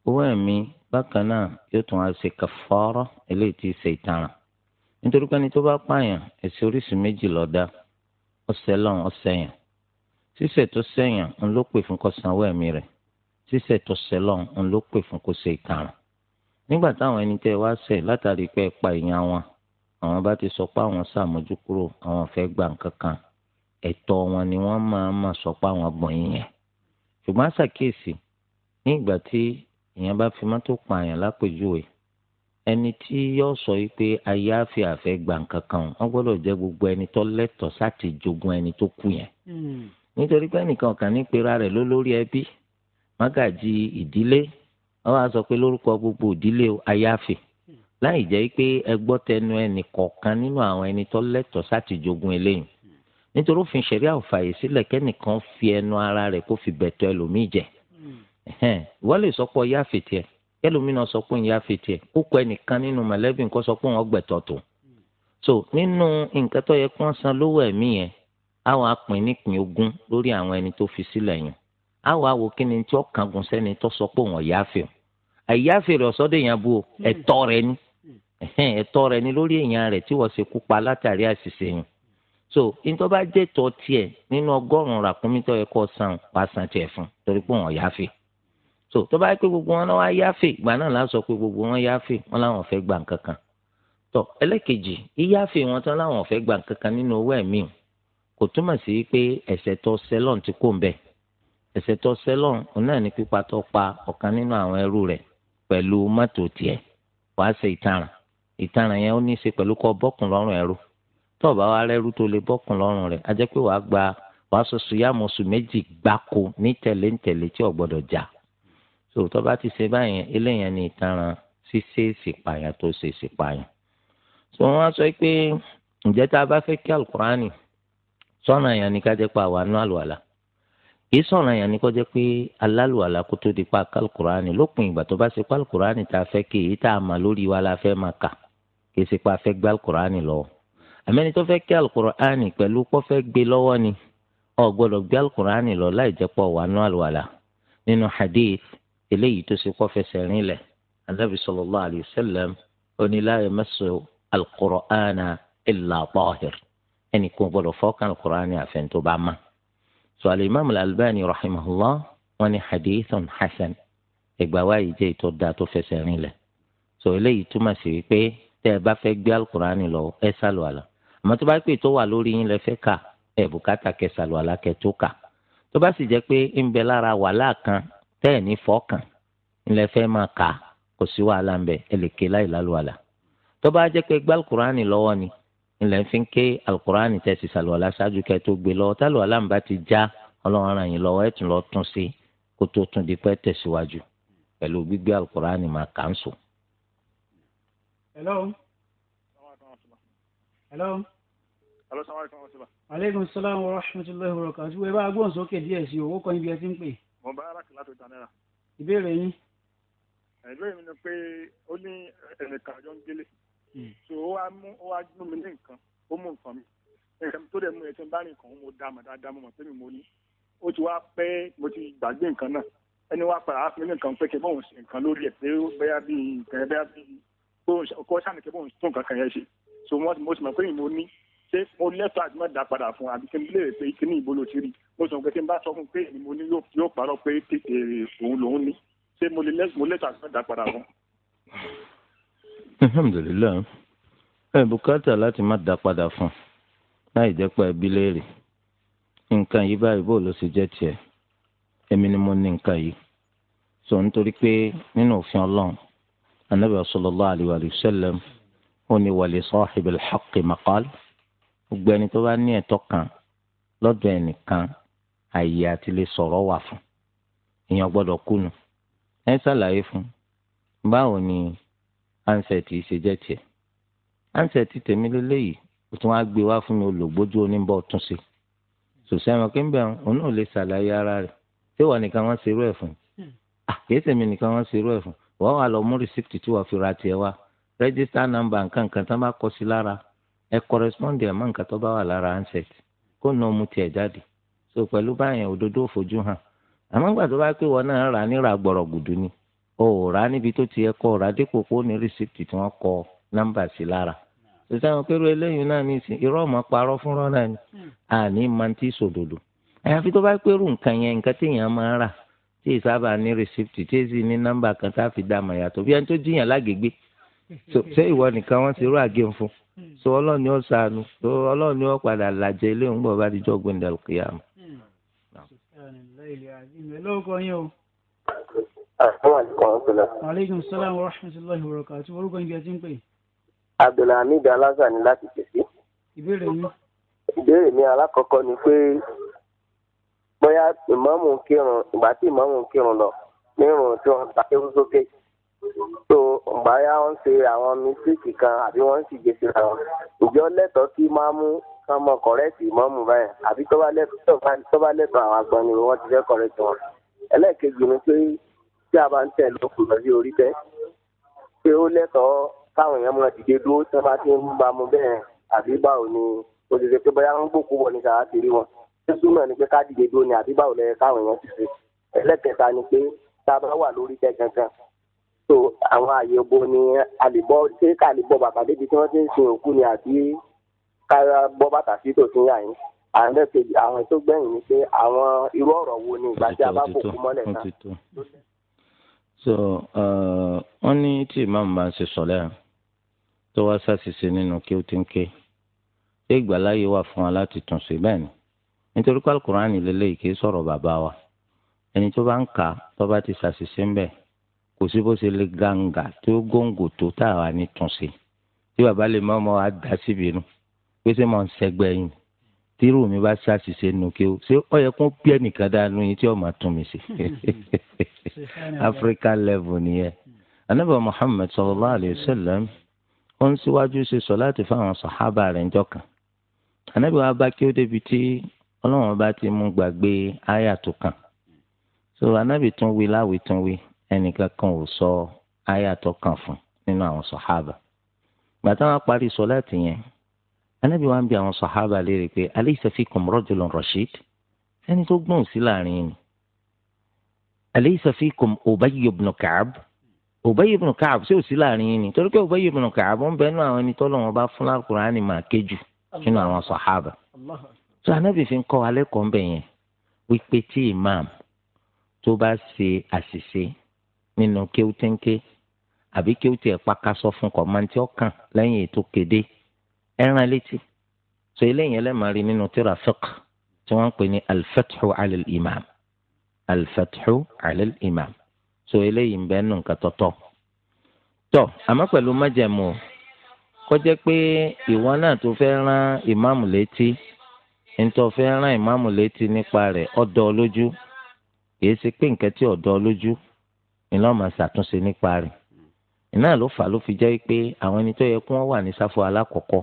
owó ẹ̀mí bákan náà yóò tún á ṣe kàfàrà eléyìí tí í ṣe ìtaràn nítorí pé ẹni tó bá pààyàn ẹ̀ṣẹ̀ oríṣìí méjì lọ́dá ọ̀sẹ̀ lọ́n ọ̀sẹ̀ yẹn ṣíṣẹ̀ tó sẹ̀yàn ń ló pè fún kó sanwó ẹ̀mí rẹ̀ ṣíṣẹ̀ tó sẹ́lọ̀ ń ló pè fún kó ṣe ìkarùn nígbà táwọn ẹni tẹ́ wá ṣẹ̀ látàrí pé ẹ pa èèyàn wọn àwọn bá ti sọ pé àwọn ṣàmójú kúrò àwọn fẹ́ gbà kankan ẹ̀tọ́ wọn ni wọ́n máa ma sọ pé àwọn gbọ̀n yín yẹn ṣùgbọ́n ṣàkíyèsí ní ìgbà tí èèyàn bá fi mọ́tò pààyàn lápèjúwe ẹni tí yóò sọ yìí pé ayáfi àfẹ́ gbà kankan wọ́n gbọ́dọ̀ jẹ́ gbogbo ẹni tó lẹ́tọ̀ọ́ sáti jogún ẹni tó kú yẹn hmm. nítorí pé ẹnìkan kàn ní pera rẹ̀ lólórí ẹbí mágàjì ìdílé wọ́n wá sọ pé lórúkọ gbogbo ìdílé ayáfẹ́ láì jẹ́ pé ẹgbọ́ tẹnu ẹnì kọ̀ọ̀kan nínú àwọn ẹni tó lẹ́tọ̀ọ́ sáti jogún eléyìí nítorí òfin ṣẹ̀ríà ò fàyè sílẹ̀ kẹ́nìkan fi ẹnu ara rẹ̀ kó fi bẹ̀tọ̀ ẹlòmíì jẹ ìwọ́n lè sọ pé ọyá fètì ẹ̀ náà sọ pé ìyá fètì ẹ̀ ẹnìkan nínú mọ̀lẹ́bí nǹkan sọ pé wọ́n gbẹ̀tọ̀ tó so nínú nǹkan tó yẹ kí wọ́n san lówó ẹ̀mí yẹn àwọn apìn nípìn lórí àwọn ẹni tó fi sílẹ̀ yẹn á wà wò kí ni tí ó kángun sẹ́ni tó sọ pé òun ọ̀yáfẹ́ o ẹ̀yáfẹ́ rẹ̀ ọ̀sọ́dọ̀ èèyàn bu ẹ̀tọ́ rẹ̀ ni hmm. ẹ̀tọ́ rẹ̀ ni lórí èèyàn rẹ̀ tí wọ́n ṣe kú pa látàrí àṣìṣe yẹn so nítorí bá jẹ́ tọ́ tiẹ̀ nínú ọgọ́rùn-ún ràkúnmí tó yẹ kó san wà san tiẹ̀ fún torí pé òun ọ̀yáfẹ́ so tó bá yẹ pé gbogbo wọn wá yáfẹ́ ìgbà náà la sọ pé gbogbo wọn yáfẹ́ wọn wọn tán fẹ́ gbà nǹkan kan nínú ẹ̀ṣẹ̀ tó sẹ́lọ̀n náà ní pípa tó pa ọ̀kan nínú àwọn ẹrú rẹ̀ pẹ̀lú mọ́tò tiẹ̀ wàá ṣe ìtaràn ìtaràn yẹn ó ní í ṣe pẹ̀lú kọ́ bọ́kùn lọ́rùn ẹrú tó bá wa rẹ́rú tó lè bọ́kùn lọ́rùn rẹ̀ á jẹ́ pé wàá gba wàá sọ sùyàmù oṣù méjì gbáko ní tẹ̀lé ń tẹ̀lé tí ò gbọ́dọ̀ jà so tó bá ti ṣe báyẹn eléyẹn ni ìtaràn ṣíṣe ìsìpààyàn tó ṣe ìsìpààyàn so wọ́n á sọ pé ǹjẹ́ tá a bá fẹ́ kí alukurani sọ́nà yẹn ni ká jẹ́ pa àwọn kì í sọ̀rọ̀ yẹn ni kó jẹ́ pé alálùwàlà kó tó di pa kálukùránì lópin ìgbà tó bá ṣe kálukùránì tá a fẹ́ kí èyí tá a mà lórí wa la fẹ́ máa kà kì í ṣe pé a fẹ́ gbé alukùránì lọ. àmẹ́ni tó fẹ́ kí alukùránì pẹ̀lú kó fẹ́ gbé lọ́wọ́ ni o gbọ́dọ̀ gbé alukùránì lọ láì jẹ́ pọ̀ wà nú àlùwàlà nínú hadith eléyìí tó ṣe kó fẹsẹ̀ rinlẹ̀ anábì sallallahu alayhi wa sọ alimami albani rahimahullah wọ́n ní hadithun hasan ìgbà wa yìí jẹ́ ìtọ́ da tó fẹsẹ̀ rìn lẹ̀ sọ eléyìí túmọ̀ sí wípé tẹ́ ẹ bá fẹ́ gbé alukurani lọ ẹ sálọ àlà àmọ́ tó bá pè tó wà lórí yín lẹ fẹ́ kà ẹ bùkátà kẹ sálọ àlà kẹ tó kà tó bá sì jẹ́ pé ń bẹ lára wàhálà kan tẹ́ ẹ̀ ní fọ́ọ̀kàn ńlẹ fẹ́ máa kà kò sí wàhálà ń bẹ ẹ lè ké láì lálù àlà tó bá jẹ́ pé gbé alukurani lọ́wọ́ ni ńlẹ̀ fi ń ké alukur'ani tẹ́ ti sàlùwàlá ṣáájú kẹ́ tó gbé lọ tálùwàlá ń bá ti já ọlọ́run ràn yín lọ́wọ́ ẹ̀ tún lọ tún sí kó tó tún di pẹ́ tẹ̀síwájú pẹ̀lú gbígbé alukur'ani máa kà ń sùn. hello. hello. hello sàmúlò aleykum salaam wa rahmatulahi wa barakatuh ẹ bá a sókè díẹ̀ sí owó kan ibi ẹ ti ń pè. mo bá ara kìlá tó ta náírà. ìbéèrè yín. ìbéèrè mi ni pé ó ní ẹnìkan àjọ ń Hmm. so ó wá mú ó wá gbọ́n mi ní nǹkan ó mú nǹkan mi nǹkan tó dẹ̀ mú ẹtí bá rìn kan ó mo dá mọ̀ dáadáa mo mọ̀ pé mi mo ní ó ti wá pẹ́ mo ti gbàgbé nǹkan náà ẹni wá padà á fún mi ní nǹkan pé kí bóun ṣe nǹkan lórí ẹ̀ pé bẹ́yà bí nǹkan ẹ̀ bẹ́yà bí kó sàmì kí bóun tún nǹkan kan yẹn ṣe so mo sì mọ̀ pé mi mo ní ṣé mo lẹ́tọ̀ àti má dá padà fún àbí kí n lè pé kí ní ìbò ti rí mo sọ pé kí n bá sọ fún pé èmi mo ní yóò parọ́ pé eh, òun lòun ní ṣé mo lẹ́tọ̀ àti dá padà fún alhamdulilayi ẹ bùkátà láti má dá padà fún un láì jẹ́ pé ẹbí léèrè nǹkan yìí báyìí bó ló ṣe jẹ́ tiẹ̀ èmi ni mo ní nǹkan yìí sọ nítorí pé nínú òfin ọlọ́run anabi sallallahu alayhi wa sallam ó ní wàlẹ̀ sahibil haqqi maqal gbogbo ẹni tó bá ní ẹ̀tọ́ kan lọ́dọ̀ ẹnìkan àyè àti lè sọ̀rọ̀ wà fún èèyàn gbọ́dọ̀ kùnú ẹ ṣàlàyé fún báwo ni ansẹ̀tì ìṣèjẹ́ tiẹ̀ ansẹ̀tì tèmi lélẹ́yìí o tún wá gbé wá fún mi olùgbójú oníbọ̀ tún ṣe sòsẹ́ wọn kí n bẹ̀rù òun náà lè ṣàlàyé ara rẹ̀ ṣé wà nìkan wọ́n ṣe irú ẹ̀ fún hmm. kìí sèmi nìkan wọ́n ṣe irú ẹ̀ fún wọ́n wà lọ mú rìsíptì tí wọ́n fi ra tiẹ̀ wá rẹ́gísítà nọmba nǹkan nǹkan tó bá ẹ nǹkan bá wà lára kó nà ọmú tiẹ̀ jáde so pẹ̀lú báyẹn òdodo fojú hàn àmọ́ gbà o ò rà níbi tó ti yẹ kó o rà dípò kó ní rìsíptì tí kọ nọ́mbà sí lára sísè àwọn eléyìí náà ní ìsìn irọ́ parọ́ ni àní máa ń tí sòdodo àyàfi tó bá pẹ̀lú nǹkan yẹn nǹkan téèyàn máa ń rà tí ní rìsíptì kan tá a fi dá màá bí ẹni tó jiyàn ṣé ìwọ nìkan ti rú àgéhùn fún ọlọ́run ni ó sànù so ọlọ́run ni ó aleykum salaam wa rahmatulahi wa barakatuh orúkọ ibi ẹtí ń pè. abdulhamid alaza ni láti pèsè. ìbéèrè mi. ìbéèrè mi alákọ̀ọ́kọ́ ni pé bóyá ìmáàmù kírun ìgbà tí ìmáàmù kírun lọ nírun tí wọ́n ta ewu sókè tó báyà wọ́n ṣe àwọn mísíkì kan àbí wọ́n sì gbé síra wọn ìjọ lẹ́tọ̀ọ́ kí máa mú kán mọ kọ̀rẹ́ẹ̀tì ìmáàmù báyẹn àbí tó bá lẹ́tọ̀ọ́ àwọn agbọ̀nni wọ́n ti fẹ́ kọ̀rẹ́ẹ̀tì wọn ẹlẹ́ẹ̀kejì ni pé tí a bá ń tẹ̀ lókun lọ sí orí bẹ́ẹ̀ pé ó lẹ́tọ̀ọ́ káwọn èèyàn máa dìde dúró tí wọ́n bá ti ń bá mu bẹ́ẹ̀ àbí báwo ni o ti ṣe pé bóyá ń gbòkú bọ̀ ní sàrà ti rí wọn sísú náà ni pé ká dìde dúró ni àbí báwo lẹ́yẹ káwọn èèyàn ti ṣe ẹlẹ́kẹta ni pé tá a bá wà lórí tẹ gangan so àwọn àyè bo ni àlìbọ ṣé ká àlìbọ bàbá débi tí wọ́n ti ń sin òkú ni àbí ká bọ́ bàtà sí tòsín yà yín àlẹ́kejì àwọn tó gbẹ̀yìn ni pé àwọn irú ọ̀rọ̀ wo ni ìgbà tí a bá bòkú mọ́lẹ̀ náà so uh, wọ́n ní tí ìmáàmù bá ń ṣe sọ̀lẹ́ à tó wá ṣàṣìṣe nínú kí ó ti ń ké ṣé ìgbàláyé wà fún wa láti tún ṣe bẹ́ẹ̀ ni nítorí pé alukur'ani lélẹ́yìí kì í sọ̀rọ̀ bàbá wa ẹni tó bá ń kà tó bá ti ṣàṣìṣe ń bẹ̀ kò sí bó ṣe lè gàǹgà tó góńgò tó tá a wà ní tún ṣe tí bàbá lè mọ́ ọmọ wa dá síbi inú pé ṣé mo ń ṣẹgbẹ́ yìí tírù mi bá ṣàṣìṣe nù kí o ṣé ó yẹ kó ẹnìkan dáa nù yín tí ó tún mi ṣe Africa level nìyẹn anábà Muhammad sallallahu alayhi wa sallam ó ń síwájú ṣe sọ̀láàtì fáwọn sàhábà rẹ̀ ńjọ́ kan anábì wa bá kí ó débi tí ọlọ́run bá ti mú gbàgbé àyà tó kàn so anábì tún wí láwì tún wí ẹnìkan kan ò sọ àyà tó kàn fún nínú àwọn sàhábà gbàtà wọn parí sọ̀láàtì yẹn anábì wa ń bi àwọn sàhábà léèrè pé alaysa fikum rajulun rashid ẹni tó gbọ́n sí láàrin yìí alaysa fikum Ubay ibn Ka'b Ubay ibn Ka'b sí òsì láàrin yín ni torí pé Ubay ibn Ka'b ń bẹ́ẹ̀ nú àwọn ẹni tọ́lọ́run bá fún Al-Qur'ani máa kéjù nínú àwọn sàhábà tó anábì fi ń kọ́ alẹ́ kọ́ ń bẹ̀ yẹn wípé tí imam tó bá ṣe àṣìṣe nínú kéwtéńké àbí kéwté ẹ̀ pàkásọ fún kọ̀mọ́ntì ọ̀kan lẹ́yìn ètò kéde ẹran létí so eléyìí ẹlẹ́màá nínú tí alifatihu alẹ́ imam so eléyìí ń bẹ nù nǹkan tọ́tọ́ tọ àmọ́ pẹ̀lú májẹ̀mú kọjá pé ìwọ náà tó fẹ́ rán ìmáàmù létí ntọ́ fẹ́ rán ìmáàmù létí nípa rẹ̀ ọ̀dọ́ lójú kìí ṣe pé nǹkan tí ọ̀dọ́ lójú ni lọ́ọ́ máa ṣàtúnṣe nípa rẹ̀ iná ló fà ló fi jẹ́ pé àwọn ẹni tó yẹ kí wà ní sáfù alákọ̀ọ́kọ́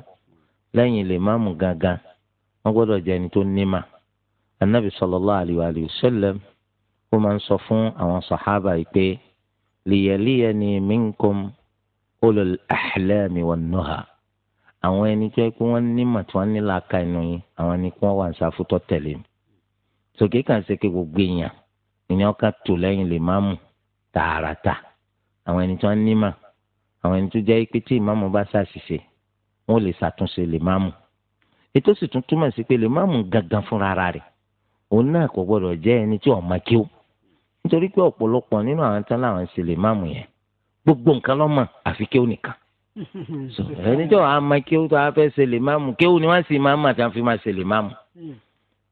lẹ́yìn lè máàmù gangan wọ́n gbọ́dọ̀ jẹ́ ẹni tó nímà anabi sallallahu alaihi wa sallam ó máa ń sọ fún àwọn sàhábà yìí pé liyaliyani minkum ulul ahlami wan nuha àwọn ẹni tó yẹ kí wọ́n ní màtúwá nílà ka inú yín àwọn ẹni kí wọ́n wà ń sáfútọ́ tẹ̀lé mi sòkè kàn ṣe kí gbogbo èèyàn èèyàn ká tò lẹ́yìn lè má mú tààràtà àwọn ẹni tó ń ní mà àwọn ẹni tó jẹ́ pé tí ìmáàmù bá ṣàṣìṣe wọ́n lè ṣàtúnṣe lè má mú ètò sì tún túmọ̀ sí pé lè má mú gangan fúnra rẹ̀ òun náà kò gbọdọ̀ jẹ́ ẹni tí ò nítorí pé ọ̀pọ̀lọpọ̀ nínú àwọn tán láwọn ṣe lè máàmù yẹn gbogbo nǹkan lọ́mọ àfi kéwù nìkan ẹni tí a máa kéwù tó wàá fẹ́ ṣe lè máàmù kéwù ni wọ́n sì máa mà tí wọ́n fi máa ṣe lè máàmù hmm.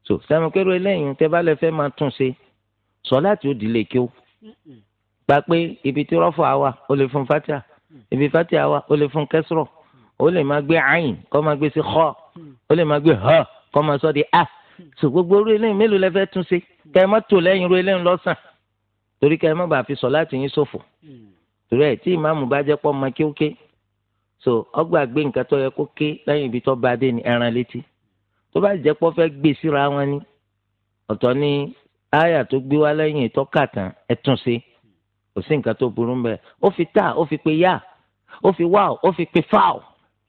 so sẹ́mukẹ́rù eléyìí tẹ́ bá lẹ fẹ́ máa tún ṣe sọ láti ó dìlé kéwù hmm. gba pé ibi tí rọ́fọ̀ àwa ó lè fún fatia hmm. ibi fatia àwa ó lè fún kẹsìrọ̀ ó lè máa gbé ayin kọ́ máa gbé sí kọ́ ó lè máa gbé họ́ kọ́ máa sọ di a so gbogbo orí eléyìí mélòó lẹ fẹ́ tún ṣe kẹ́ ẹ má tò lẹ́yìn orí eléyìí lọ́sàn-án torí ká ẹ má bàa fi sọ láti yín ṣòfò torí ẹ tí ìmáàmù bá jẹ́ pọ́ máa kéwké so ọgbà gbé nǹkan tó yẹ kó ké lẹ́yìn ibi tó bá dé ní ẹran létí tó bá jẹ́ pọ́ fẹ́ gbé síra wọn ni ọ̀tọ̀ ni àyà tó gbé wá lẹ́yìn ìtọ́kàtàn ẹ tún ṣe kò sí nǹkan tó burú ń ó fi tà ó fi pe yá ó fi wá ó fi pe fáw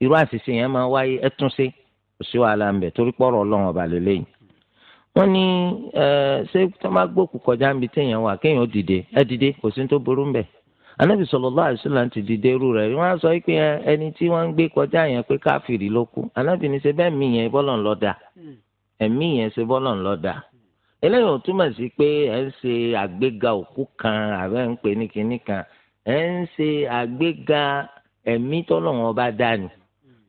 irú àṣìṣe yẹn máa wáyé ẹ tún ṣe kò sí wàhálà ń bẹ torí pọ̀rọ̀ ọlọ́run ọba lélẹ́yìn. wọ́n ní ṣé tó máa kọjá téèyàn wà kéèyàn dìde ẹ dìde kò sí tó burú mbẹ̀ anabi sallallahu alaihi wasallam ti dìde irú rẹ̀ wọ́n sọ pé ẹni tí wọ́n ń gbé kọjá yẹn pé káfíìrì ló kú anabi ní ṣe bẹ́ẹ̀ mí yẹn ń hmm. ẹ̀mí yẹn ṣe ń dà eléyìí ò sí pé ẹ ń ṣe ni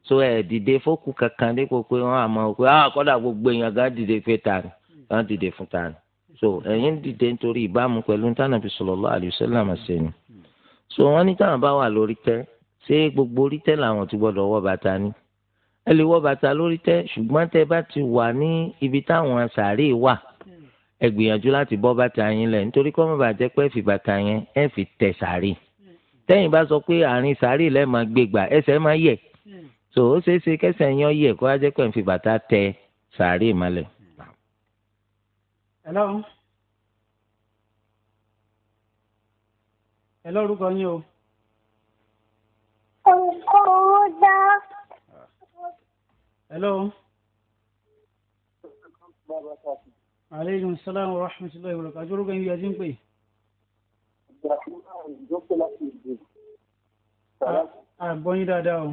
so ẹ dìde fókù kankan dípò pé wọn àmọ́ pé ah kódà gbogbo èèyàn gan dìde fẹ́ ta ni wọn dìde fún ta ni so ẹ̀yin dìde nítorí ìbámu pẹ̀lú tánàbí sallallahu alaihi wasallam ni so wọn ní táwọn bá wà lórí tẹ ṣé gbogbo orí tẹ làwọn ti gbọ́dọ̀ wọ bàtà ni ẹ lè wọ bàtà lórí tẹ ṣùgbọ́n tẹ bá ti wà ní ibi táwọn sàárè wà ẹ gbìyànjú láti bọ́ bàtà yín lẹ̀ nítorí kọ́ mọ́ bàjẹ́ pé fi bàtà yẹn ẹ fi tẹ sàárè tẹ́yìn bá sọ pé àárín sàárè lẹ́ẹ̀ so ó ṣeé ṣe kẹsẹ̀ yan yẹ kó wá jẹ́ pé ń fi bàtà tẹ sàárè mọ́lẹ̀. hello hello orúkọ yín o. orúkọ owó dá. hello. aleykum salaam wa rahmatulahi wa barakatuh orúkọ yín bí a ti ń pè. ìgbà tí wọ́n ń jókòó láti ìdè. àgbọ̀nyin dáadáa o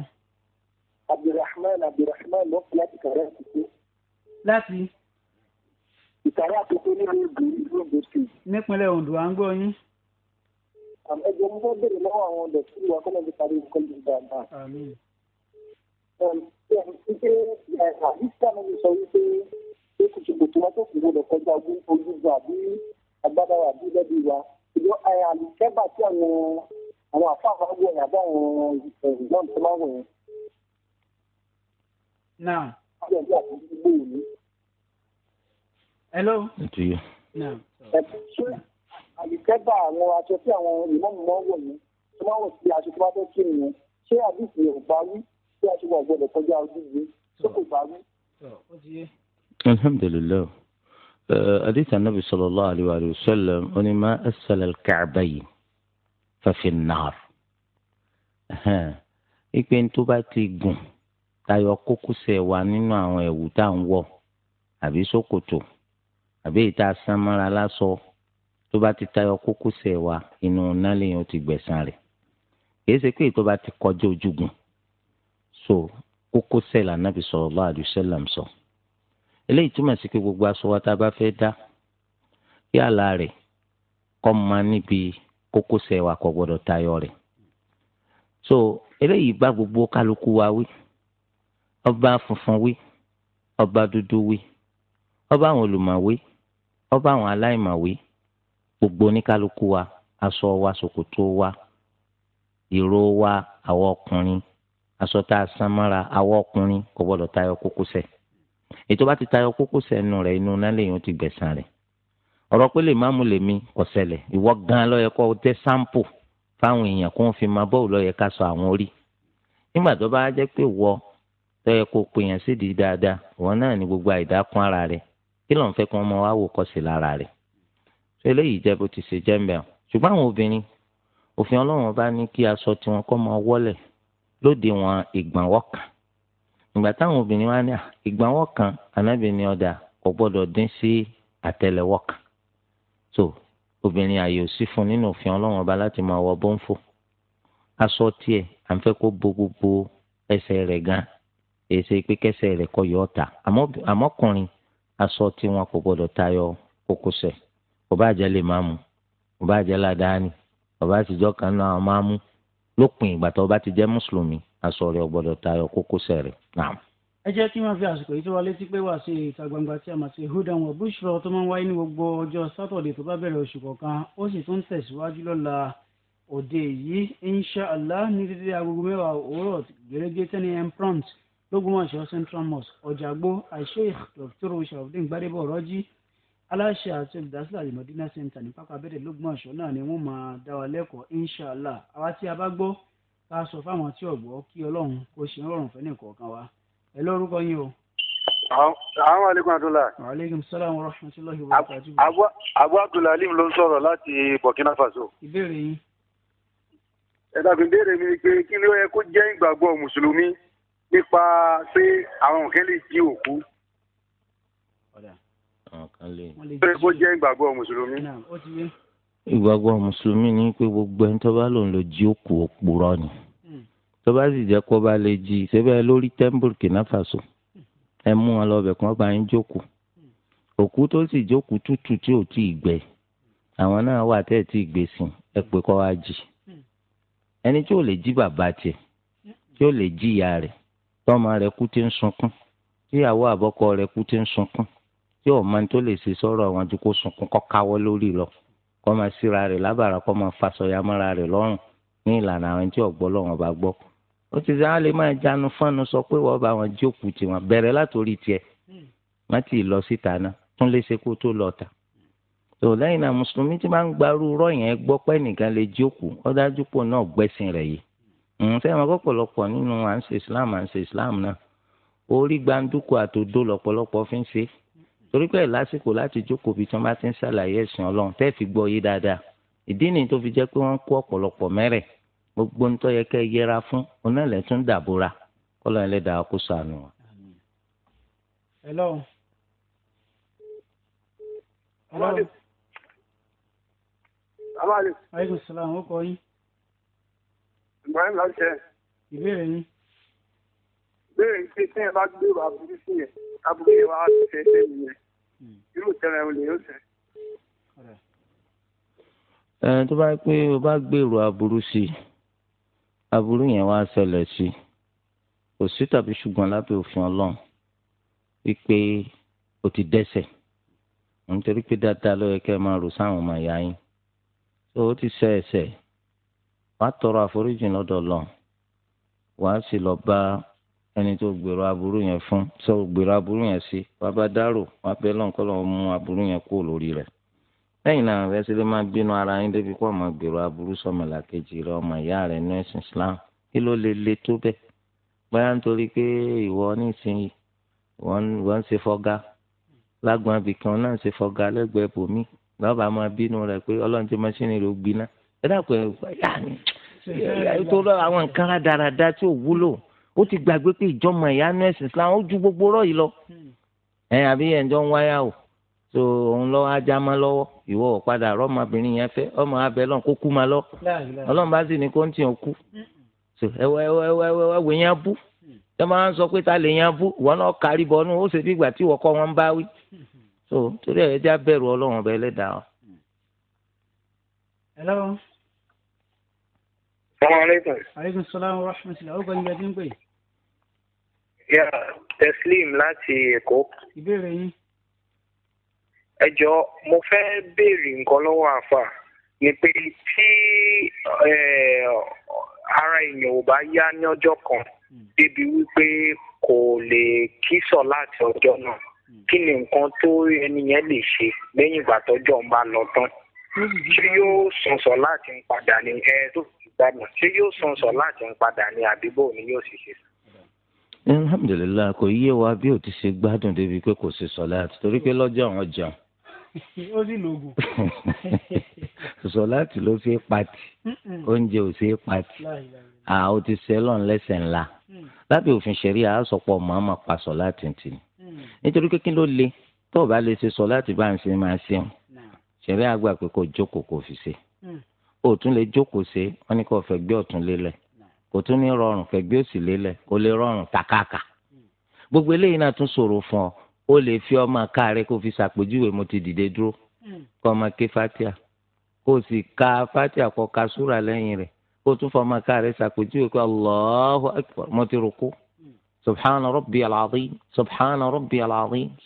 abdulrahman abdulrahman ló fi láti kàrẹ́ àkókò. láti. ìkàrẹ́ àkókò nínú ìlú ìlú Ondo state. nípínlẹ̀ Ondo à ń gbọ́ yín. ẹgbẹ́ mi fẹ́ bèrè lọ́wọ́ àwọn ọ̀dọ́ sí ìwà kọ́mọ̀ ti parí nǹkan lè gbà náà. ṣé àyíká náà ti sọ wípé pé kùtùkù tó wọ́n tó kù gbọdọ̀ kọjá ojúgbà àbí agbára àbí lẹ́bi wa ṣùgbọ́n àyà àlùkẹ́bà tí àwọn àwọn àfáàfáà wọ̀ yàgbọ́ àwọn ìgbọ́n Naam. Hello. Ètò yẹ. Naam. Ẹ̀sùn àwọn aṣọ tí àwọn ìmọ̀mù máa ń wọ̀ ní tí wọ́n wọ̀ sí aṣọ tí wọ́n fẹ́ kí nìyẹn ṣé àdìsí ò wí bí aṣọ wà gbọdọ̀ kọjá ojú yìí ṣé kò bá wí. Alhamdulillah. حديث النبي صلى الله عليه وآله وسلم أن ما أسفل الكعبين ففي النار ها إكوين تباتي قم tayọ kókósẹ̀ wa nínú àwọn ẹ̀wù tá à ń wọ̀ àbí ṣòkòtò àbí ìta sánmọ́ra lásọ tó bá ti tayọ kókósẹ̀ wa inú nálẹ̀yìn ó ti gbẹ̀san rẹ̀ kìí ṣe pé ìtọ́ bá ti kọjá ojúgun so kókósẹ̀ lànàbì sallallahu alaihi wasallam sọ eléyìí túmọ̀ sí pé gbogbo aṣọ wa tá a bá fẹ́ dá kí àlà rẹ̀ kọ́ máa níbi kókósẹ̀ wa kò gbọ́dọ̀ tayọ rẹ̀ so eléyìí bá gbogbo kálukú wa wí ọba funfun wí ọba dúdú wí ọba àwọn olùmọ̀ wí ọba àwọn aláìmọ̀ wí gbogbo oníkálukú wa aṣọ wa ṣòkòtò wa ìró wa àwọn ọkùnrin aṣọ tá a san mọ́ra àwọn ọkùnrin kò gbọ́dọ̀ tayọ kókósẹ̀ ètò bá ti tayọ kókósẹ̀ inú rẹ̀ inú náà lèyìn ó ti gbẹ̀san rẹ̀ ọ̀rọ̀ pé lè máàmù lèmi kò ṣẹlẹ̀ ìwọ gan ló yẹ kó o tẹ́ sáǹpù fáwọn èèyàn kó o fi máa bọ́ọ̀lù ló ká sọ àwọn orí nígbà tó bá jẹ́ pé wọ́ọ́ tẹ́yẹ kó pè yẹn sídìí dáadáa wọn náà ní gbogbo àìdá kún ara rẹ̀ kí ló ń fẹ́ kí wọ́n mọ wá wò kọ́ sí lára rẹ̀ ṣé eléyìí jẹ́ bó ti ṣe jẹ́ mbẹ́ ṣùgbọ́n àwọn obìnrin òfin ọlọ́run bá ní kí aṣọ tiwọn kọ́ mọ wọ́lẹ̀ lóde wọn ìgbọ̀nwọ́ kan ìgbà táwọn obìnrin wá ní ìgbọ̀nwọ́ kan anábìnrin ọ̀dà kò gbọ́dọ̀ dín sí àtẹlẹwọ́ kan so obìnrin àyè òsì fún nínú òfin ọlọ́run ọba láti máa wọ bọ́ńfò aṣọ tiẹ̀ à ń fẹ́ kó bo gbogbo ẹsẹ̀ rẹ̀ gan-an èsè pé kẹsẹ̀ rẹ̀ kọ́ yọ ọ̀tà àmọ́kùnrin aṣọ tí wọn kò gbọdọ̀ tayọ kókósẹ̀ kò bá jẹ́ lè máa mú kò bá jẹ́ ládàáni kò bá sì jọ́ kan náà máa mú lópin ìgbà tó bá ti jẹ́ mùsùlùmí aṣọ rẹ̀ gbọdọ̀ tayọ kókósẹ̀ rẹ̀ náà. ẹ jẹ́ kí wọ́n fi àsìkò yìí tó wa létí pé wà sí ìta gbangba tí a máa ṣe hudan wa bushra tó máa ń wáyé ní gbogbo ọjọ́ sátọ̀dẹ̀ tó bá bẹ̀rẹ̀ oṣù kọ̀ọ̀kan ó sì tún tẹ̀síwájú lọ́la òde yìí inshàlá ní títí agogo mẹ́wàá òwúrọ̀ gẹ́gẹ́ tẹ́ni m prompt lógúnmọ̀ṣọ́ central mosque ọ̀jàgbó alsheikh dr sharafdin gbadebo rọ́jí aláṣẹ àti olùdásílẹ̀ alimọ̀dínà center ní pápá abẹ́rẹ́ lógúnmọ̀ṣọ́ náà ni wọ́n máa dá wa lẹ́kọ̀ọ́ inshallah àwa tí a bá gbọ́ ká sọ fáwọn tí ò gbọ́ kí ọlọ́run kó ṣe rọrùn fẹ́ nìkọ̀ọ̀kan wa ẹ lórúkọ yín o. àwọn aleykum adúlá. aleykum salaam wa rahmatulahi wa barakatuh. abu abdullah alim ló ń sọ̀rọ̀ láti burkina faso. ìbéèrè yín. ẹ̀dàkùn ìbéèrè mi ni pé kí ni ó yẹ kó jẹ́ ìgbàgbọ́ mùsùlùmí nípa pé àwọn kan lè jí òkú. pé kó jẹ́ ìgbàgbọ́ mùsùlùmí. ìgbàgbọ́ mùsùlùmí ni pé gbogbo ẹni tó bá lòun ló jí òkú òpùrọ́ ni hmm. tó bá sì jẹ́ kó bá lè jí síbẹ̀ lórí tẹ́ḿbùrù kìnnáfàṣọ hmm. ẹ mú wọn lọ́bẹ̀ kí wọ́n bá ń jókòó hmm. òkú tó sì jókòó tútù tí ò tí ì gbẹ àwọn náà wà tẹ́ ẹ̀ tí ì gbé sìn ẹ pé kó wá jí ẹni tí ò lè jí bàbá tiẹ̀ tí ò lè jí ìyá rẹ̀ tọ́mọ rẹ̀ kú ti ń sunkún tíyàwó àbọ́kọ rẹ̀ kú ti ń sunkún tí ò máa ń tó lè ṣe sọ̀rọ̀ àwọn ju kó sunkún kọ́ káwọ́ lórí lọ kọ́ máa síra rẹ̀ lábàrá kọ́ máa fasọ̀yà mọ́ra rẹ̀ lọ́rùn ní ìlànà àwọn tí ọ̀gbọ́ lọ́wọ́n bá gbọ́ ó ti sẹ́ á lè máa jánu fánu sọ pé wọ́n bá wọn jí òkú tiwọn bẹ̀rẹ̀ látòrí tiẹ̀ wọ́n ti lọ síta náà tún lè ṣe kó tó lọ tà tó lẹ́yìn náà mùsùlùmí ti máa ń gbarú rọ́ yẹn gbọ́ pẹ́ nìkan lè jí òkú ó dájú pò náà gbẹ́sìn rẹ̀ yìí ǹsẹ́ àwọn akọ́pọ̀lọpọ̀ nínú à ń ṣe islam à ń ṣe islam náà orí gbàǹdùkú àtòdó lọ́pọ̀lọpọ̀ fi ń ṣe torí pé lásìkò láti jókòó bí tí wọ́n bá ti ń ṣàlàyé ẹ̀sìn ọlọ́run tẹ́ẹ̀ fi gbọ́ yé dáadáa ìdí nìyí tó fi jẹ́ pé wọ́n kó ọ̀pọ̀lọpọ̀ mẹ́rẹ̀ gbogbo ń tọ́ yẹ kẹ́ yẹra fún onílẹ̀ tún dàbúra kọ́lọ́ ẹlẹ́dàá kó sànù wọn. hello. hello. aleykum salaam ó kọ ìgbọ̀nyẹn lọ jẹ. ìbéèrè yín. ìbéèrè yìí pé sẹ́yìn bá gbèrò àbúrú sí yẹn àbúrú yẹn wá ṣe é ṣe nìyẹn hmm. irú ìtẹ̀rẹ̀ olè yóò ṣe. ẹni tó bá pé o bá gbèrò àbúrú sí àbúrú yẹn wá ṣẹlẹ̀ sí kò sí tàbí ṣùgbọ́n lábẹ́ òfin ọlọ́run wípé o ti dẹ́sẹ̀ nítorí pé dáadáa ló yẹ kẹ́ ẹ máa rò sáwọn ọmọ ìyá yín tó o ti ṣẹ̀ ẹ̀ṣẹ̀ yìí wàá tọrọ àforíjì lọ́dọ̀ Ọlọ́run wàá sì lọ bá ẹni tó gbèrò aburú yẹn fún sọ gbèrò aburú yẹn sí wàá bá dárò wàá bẹ lọ́nkọ́lọ́ mú aburú yẹn kúrò lórí rẹ̀ lẹ́yìn náà rẹ̀ sílẹ̀ máa bínú ara yín débi kó ọmọ gbèrò aburú sọmọlá kejì rẹ̀ ọmọ ìyá rẹ̀ ní ẹ̀sìn Islam kí ló lè le tó bẹ́ẹ̀ báyà nítorí pé ìwọ nísìnyí ìwọ ń ṣe fọ́gá lágbọn abìkan náà ń ṣe fọ́gá lẹ́gbẹ̀ẹ́ bòmí lọ́ba máa bínú rẹ̀ pé ọlọ́run ti máṣínì ló gbiná ẹ dàpọ̀ ẹ̀ torí àwọn nǹkan rádaràda tí ò wúlò ó ti gbàgbé pé ìjọmọ ìyanu ẹ̀sìn Islam ó ju gbogbo rọ yìí lọ ẹ àbí ẹnjọ ń wáyà o so òun lọ ajá má lọ́wọ́ ìwọ padà rọmọbìnrin yẹn fẹ́ ọmọ abẹ lọhùn kó kú má lọ Ọlọ́run bá sì ní kó ń tiẹ̀ kú ẹwẹ ẹwẹ ẹwẹ ẹwẹ yẹn bú ẹ máa ń sọ pé ta lè yẹn bú ìwọ náà kárí bọnú ó ṣe bí ìgbà tí ìwọ kọ́ wọn bá wí so torí ẹ jẹ́ abẹ̀rù Ọlọ́run ọbẹ Ẹlẹ́dàá. hello. Assalamualaikum. Waalaikumsalam warahmatullahi ọgbà ni ẹbí ń pè. Ya Teslim láti Èkó. Ìbéèrè yín. Ẹ jọ mo fẹ́ béèrè nǹkan lọ́wọ́ àfà ni pé tí ara èèyàn ò bá yá ní ọjọ́ kan hmm. débi wípé kò lè kí sọ láti ọjọ́ náà hmm. kí ni nǹkan tó ẹni yẹn lè ṣe lẹ́yìn ìgbà tọ́jọ́ ń bá lọ tán ṣé yóò sọ̀nsọ̀ láti ń padà ní ẹ tó fi gbàgbọ́ ṣé yóò sọ̀nsọ̀ láti ń padà ní àdúgbò ni yóò sì ṣe. alhamdulilayi kò yé wa bí o ti ṣe gbádùn débi pé kò ṣe sọ̀láàtì torí pé lọ́jọ́ àwọn jẹun ó sì lògùn. sọláàtì ló ṣe é pati oúnjẹ ò ṣe é pati àá ó ti sẹlọ̀n lẹ́sẹ̀ ńlá mm. lábẹ́ òfin ṣẹ̀rí àásọpọ̀ màmá pa sọláàtì tì ní. Mm. nítorí kékin ló le tó o bá lè ṣe sọláàtì bá ń ṣe máa ṣeun ṣẹ̀rí àgbà pé kò jókòó kò fi ṣe hmm. ó tún lè jókòó ṣe wọ́n ní kò fẹ́ gbé ọ̀tún lélẹ̀ hmm. kò tún ní rọrùn fẹ́ gbé òsì lélẹ̀ kò lè rọrùn takáka hmm. gbogbo eléyìí náà tún ṣòro fún ọ ó lè fi ọmọ akáàrẹ kó fi ṣàpèjúwe mo ti dìde dúró kó ọmọ ké fatia kó o sì ka fatia kó ka súra lẹ́yìn rẹ̀ kó o tún fọ ọmọ akáàrẹ kó Allahu mo ti rúkú subhana rabbi al subhana rabbi al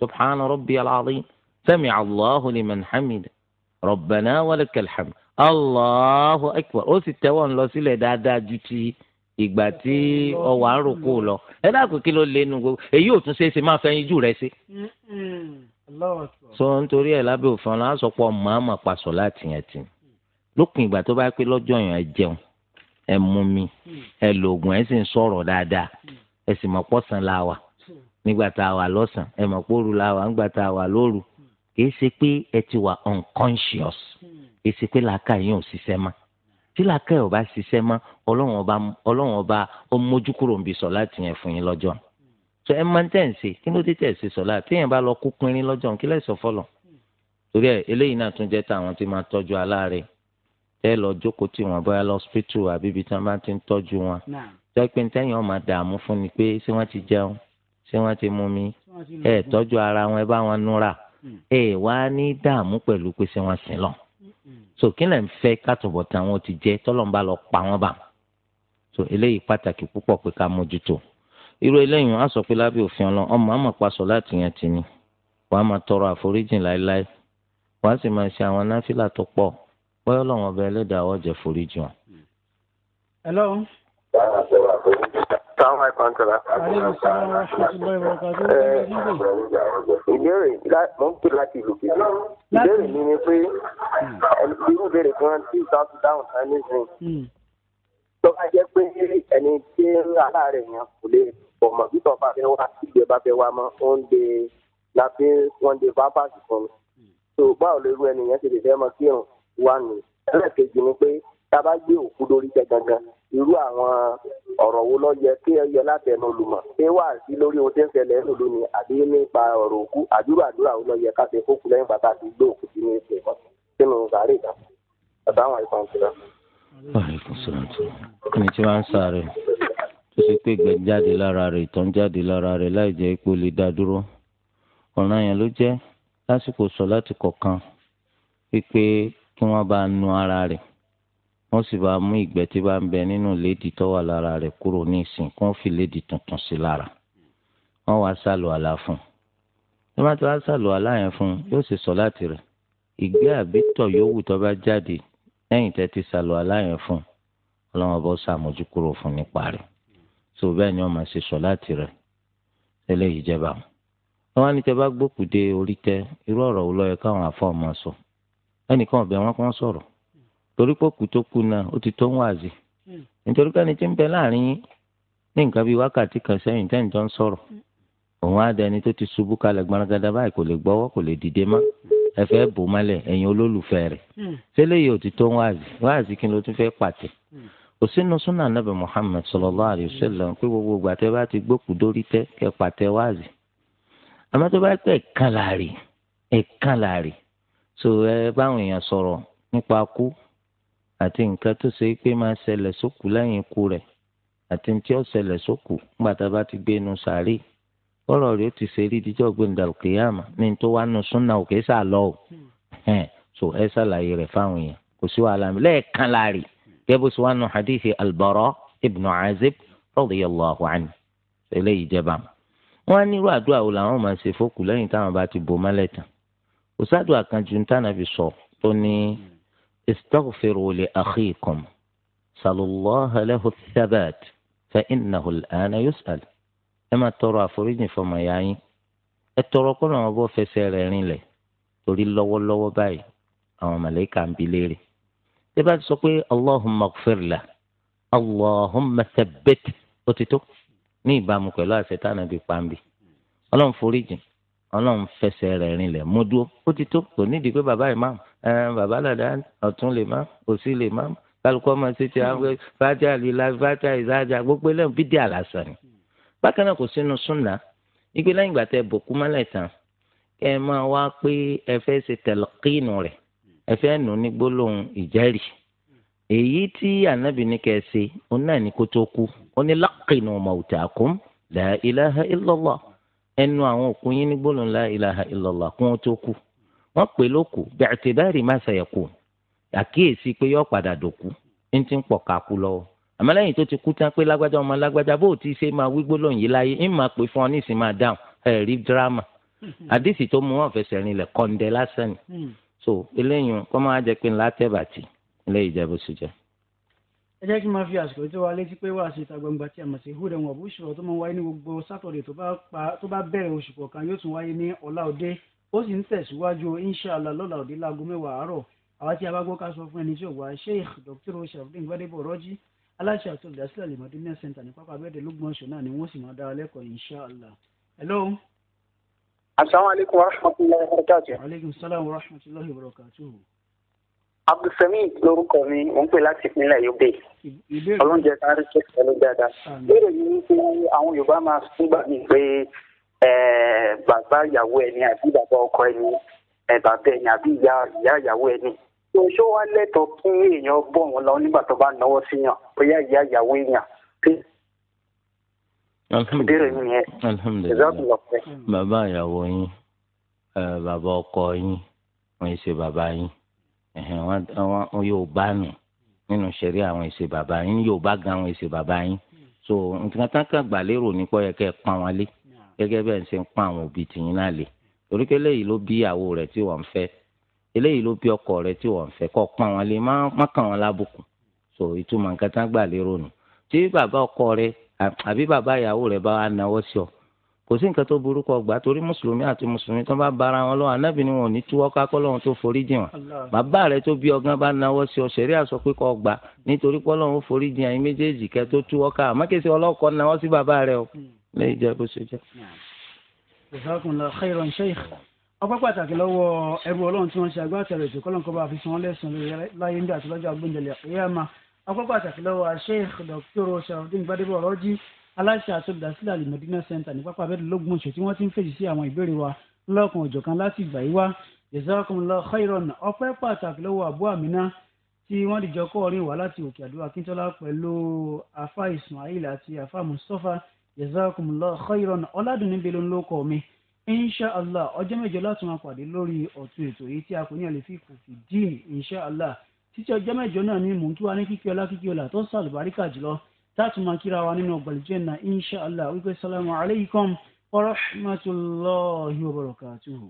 subhana rabbi al-azim Allahu liman rabbana walakal hamd allahu akbar ó sì tẹ́wọ́ ń lọ sílẹ̀ dáadáa ju ti ìgbà tí ọwọ́ àròkọ lọ ẹ dákun kí ló lẹ́nu gbogbo èyí ò tún ṣe é ṣe máa fẹ́yìn jù rẹ sí. so nítorí ẹ̀ lábẹ́ òfin ọ̀la á sọ pé ọmọ àmọ̀ paṣọ láti yẹn tì lópin ìgbà tó bá pé lọ́jọ́ yẹn ẹ jẹun ẹ mú mi ẹ lòògùn ẹ sì ń sọ̀rọ̀ dáadáa ẹ sì mọ̀ pọ̀sán mm. la wà nígbà tá a wà lọ́sàn ẹ mọ̀ pòru la nígbà tá a wà lóru kìí ṣe pé ẹ ti wà unconscious kìí ṣe pé làákà yín ò ṣiṣẹ́ mọ́ tí làákà yín ò bá ṣiṣẹ́ mọ́ ọlọ́run ọba ọlọ́run ọba ó mójú kúrò níbi sọ láti yẹn fún yín lọ́jọ́ sọ ẹ máa ń tẹ̀ ń ṣe kí ló dé tẹ̀ ṣe sọ láti téèyàn bá lọ kú pinrin lọ́jọ́ kí lẹ́sọ̀ fọlọ̀ torí ẹ eléyìí náà tún jẹ́ táwọn tí máa tọ́jú aláàárẹ̀ ẹ lọ jókòó tí wọn bóyá lọ hospital àbí ibi tí wọn bá ti ń tọ́jú wọn tẹpẹ tẹyìn ọmọ dààmú fún ni pé ṣé wọn ti jẹun ṣé wọn ti mumi ẹ tọ́jú ara wọn ẹ bá wọn núra Mm. ẹ wá ní dààmú pẹ̀lú pé ṣé wọ́n sin lọ. so kí lẹ̀ ń fẹ́ kátùbọ̀ tí àwọn ti jẹ́ tọ́lọ́mbà lọ pa wọ́n bà so eléyìí pàtàkì púpọ̀ pé ká mójútó irú eléyìí wọn á sọ pé lábẹ́ òfin ọlọ́run ọmọ àmọ̀ paṣọ láti yẹn ti ni wàá máa tọrọ àforíjìn láéláé wàá sì máa ṣe àwọn náfìlà tó pọ̀ bọ́yọ́ lọ́wọ́n ọba ẹlẹ́dàá ọ̀jẹ̀ foríjìn wọn. hello aláìkọ́ eh, ntọ́lá. ìbéèrè mo ń pè láti ìlú kejì ìbéèrè mi ni pé hmm. irú ìbéèrè kan tí ìsáàtú dáhùn sáà nísìnyí hmm. tó bá jẹ́ pé ẹni tí ń ra láàárẹ̀ yẹn kò lè pọ̀ mọ́ bí tọ́ba fẹ́ wá ìjọba fẹ́ wá mọ́ ó de la fi wọ́n de pápákì fún mi tó báwo lè ru ẹnìyẹn ti lè fẹ́ mọ kírun wá nù ẹlẹ́kejì ni pé tá a bá gbé òkú lórí tẹ gangan irú àwọn ọ̀rọ̀ wo ló yẹ kí ẹ yẹ láti ẹnu olùmọ̀ ṣé wà sí lórí ohun tí ń ṣẹlẹ̀ ẹnu lónìí àbí nípa ọ̀rọ̀ òkú àdúrà àdúrà wo ló yẹ ká ṣe fókù lẹ́yìn bàtà àti gbé òkú sínú ìsìn kan sínú sàárè kan àtàwọn àìsàn ìṣẹ̀lẹ̀. àìkún sọ̀rọ̀ tí ẹni tí wọ́n ń sáré tó ṣe pé gbẹ̀ jáde lára rẹ̀ ìtọ̀ ń jáde lára rẹ̀ láì jẹ́ pé ó lè dá dúró ọ̀ràn yẹn ló jẹ́ lásìkò sọ láti kọ̀ọ̀kan wípé kí wọ́n bá nu ara rẹ̀ wọ́n sì bá mú ìgbẹ́ tí bá ń bẹ nínú léèdì tó wà lára rẹ̀ kúrò ní ìsìn kó fi léèdì tuntun sí lára wọ́n wá sálò àlá fún un nígbà tí wọ́n sálò àlá yẹn fún un yóò sì sọ láti rẹ̀ ìgbẹ́ àbítọ̀ yòówù tó bá jáde lẹ́yìn tẹ́ ti sálò àlá yẹn fún un ọlọ́wọ́n bọ́ sàmójúkúrò fún nípa rẹ̀ tó bẹ́ẹ̀ ni wọ́n máa ṣe sọ láti rẹ̀ eléyìí jẹba wọn wá ní tẹ bá gbókùdé torí pé òkú tó kú náà ó ti tó ń wáàzì hmm. nítorí pé ẹni tí ń bẹ láàrin ní nǹkan bíi wákàtí kan sẹ́yìn tẹ́yìn tó ń sọ̀rọ̀ hmm. òun á dẹni tó ti ṣubú kalẹ̀ gbaragada báyìí kò lè gbọ́wọ́ kò lè dìde mọ́ ẹ fẹ́ bò mọ́lẹ̀ ẹ̀yin olólùfẹ́ rẹ̀ hmm. yìí ti tó ń wáàzì wáàzì kí ló fẹ́ pàtẹ́ súnà nàbẹ pé gbogbo bá ti tẹ́ àti nǹkan tó ṣe pé máa ṣẹlẹ̀ sókù lẹ́yìn ikú rẹ̀ àti tí ó ṣẹlẹ̀ sókù nígbà tá a bá ti gbé inú sàárè bọ́rọ̀ rẹ̀ ó ti ṣe rí díjọ́ gbẹ̀ndà òkè yàmà ní tó wá nu súnà òkè sà lọ o so ẹ ṣàlàyé rẹ̀ fáwọn èèyàn kò sí wàhálà mi lẹ́ẹ̀kan láàrì gẹ́gẹ́ sọ wánú hadithi albara ibn azib radiyallahu anhu eléyìí jẹba wọn á nírú àdúrà wo làwọn máa ṣe fókù lẹ́yìn táwọn bá ti bò mọ́lẹ̀ tán kò sádùn àkànjú ntànàbí sọ tó ní استغفروا لأخيكم سلوا الله له الثبات فإنه الآن يسأل إما ترى فريج فما يعني الترى كل ما بو في سيرين لي تري الله والله باي أو ملك عم بليري تبعد سقوي اللهم اغفر له اللهم ثبت وتتو ní ìbámu pẹ̀lú àṣetánà bíi pàmbì ọlọ́run foríjì ọlọ́run fẹsẹ̀ rẹ̀ rinlẹ̀ mú dúró ó ti tó kò nídìí pé bàbá ìmáàmù ẹ bàbá dàda ọ̀tún lè má òsì lè má kálukọ́ máa ṣe ti àwọn fájà líla fájà ìzájà gbogbo ẹlẹ́yìn bídí àlàsà ni bákan náà kò sínú súnà igbe lẹ́yìn ìgbà tẹ bòkú mọ́lẹ̀ tán kẹ́ ẹ máa wá pé ẹ fẹ́ ṣe tẹ̀lọ́kìnù rẹ̀ ẹ fẹ́ nù ní gbólóhùn ìjẹ́rìí èyí tí ànábì ní kẹ́ òun náà ní kó tó ó ní laqinu mawtakum la ilaha illallah ẹnu àwọn òkú yín ní gbólóhùn la ilaha illallah kún tó kú wọ́n pè lókù bi'tibari ma sayakun àkíyèsí pé yọ padà dòkú ń tí ń káku ti kú tán pé lágbájá ọmọ lágbájá bó o ti ṣe máa wí gbólóhùn yìí láyé ń máa pè fún ọ nísìnyí máa dáhùn ẹ̀ rí dírámà àdìsí tó mú wọn hmm. so eléyìí kọ́ máa pé ńlá tẹ́ ẹ jẹ́ kí n máa fi àsìkò tí wàá létí pé wàá sí ìta gbangba tí a mọ̀ sí húdẹ̀ wọn àbúrò ìṣòro tó máa wáyé ní gbogbo sátọ̀dẹ̀ tó bá bẹ̀rẹ̀ oṣù kọ̀ọ̀kan yóò tún wáyé ní ọ̀la òde ó sì ń tẹ̀síwájú inshàlá lọ́la òde láago mẹ́wàá àárọ̀ àwa tí a bá gbọ́ ká sọ fún ẹni tí ò wá sheikh dr sharafdin gbadebo rọ́jí aláṣẹ àti olùdásílẹ̀ lèmọ̀dúnmíà sẹ́ńtà ní pápá abẹ́ẹ̀dẹ̀ lọ́gbọ̀nsọ̀ náà ni wọ́n sì máa dára lẹ́kọ̀ọ́ inshàlá. hello. asalaamualeykum wa rahmatulahi wa barakatuh. wa abdulsami lórúkọ mi ò ń pè láti ìpínlẹ̀ Yobe ọlọ́njẹ sáré ṣe pẹ̀lú dáadáa lérò yìí ní pé àwọn Yorùbá máa fúngbà mí pé bàbá ìyàwó ẹni àbí bàbá ọkọ ẹni bàbá ẹni àbí ìyá ìyàwó ẹni ṣó wá lẹ́tọ̀ọ́ kí èèyàn bọ̀ wọ́n lọ nígbà tó bá náwó síyàn bóyá ìyá ìyàwó èèyàn alhamdulilayi alhamdulilayi bàbá ìyàwó yín bàbá ọkọ yín wọ́n ṣe wọn yóò bá nù nínú sẹ̀rí àwọn èsè bàbá yín yóò bá gan àwọn èsè bàbá yín so nǹkan tán kàn gbà lérò ní pọ́ yẹ kẹ́ ẹ pọ́n wọn lé gẹ́gẹ́ bẹ́ẹ̀ ń ṣe ń pọ́n àwọn òbí tìyín náà lé torí pé eléyìí ló bí ìyàwó rẹ̀ tí wọ́n ń fẹ́ eléyìí ló bí ọkọ rẹ̀ tí wọ́n ń fẹ́ kọ́ pọ́n wọn lé má kàn wọn lábùkù so ìtumọ̀ nǹkan tán gbà lérò nù tí bàbá ọkọ rẹ̀ àbí bàbá ìyàwó rẹ̀ bá wà náwó sí ọ kò sí nǹkan tó burú kọ gbà torí mùsùlùmí àti mùsùlùmí tó bá bára wọn lọ ànábì ni wọn ò ní túwọ́ kákọ́ lọ́hún tó forí jìn wọn bàbá rẹ tó bí ọgán bá náwó sí ọ ṣẹ̀rí àsọ pé kọ gbà nítorí pé ọlọ́hún forí jìn àyín méjèèjì kẹ tó túwọ́ ká àmọ́kẹ́sì ọlọ́kọ náwó sí bàbá rẹ o hmm. lẹ́yìn jẹ́ bó ṣe jẹ́. ọpẹ́ pàtàkì lọ́wọ́ ẹrú ọlọ́run tí wọ́n ṣe agbátẹrù ètò kọ́lọ́n kọ́ba àfi sanwó lẹ́sùn aláṣẹ àti olùdásílẹ̀ alimọ̀dínà center ní pápá abẹ́rẹ́ lọ́gbọ̀nsẹ̀ tí wọ́n ti ń fèsì sí àwọn ìbéèrè wa lọ́kàn ọ̀jọ̀kan láti ìgbà yìí wá jazakumullahu khairan ọpẹ́ pàtàkì lọ́wọ́ àbú àmínà tí wọ́n dìjọ kọ́ orin wá láti òkè àdúrà kíntola pẹ̀lú afa ismail àti afa mustapha jazakumullahu khairan ọ̀làdùnní belo ń lókọ̀ mi inshàlá ọjọ́ mẹ́jọ láti máa pàdé lórí ọ̀tún ètò yìí tí a kò ní àlè fi kù fi dín inshàlá títí ọjọ́ mẹ́jọ náà ni mò ń kí wa ní kíkí ọlá kíkí ọlá tó sàlùbáríkà jùlọ táàtù máa kíra wa nínú ọgbàlùjẹ́ náà insha allah wípé salamu alaykum wa rahmatulahi wa barakatuhu.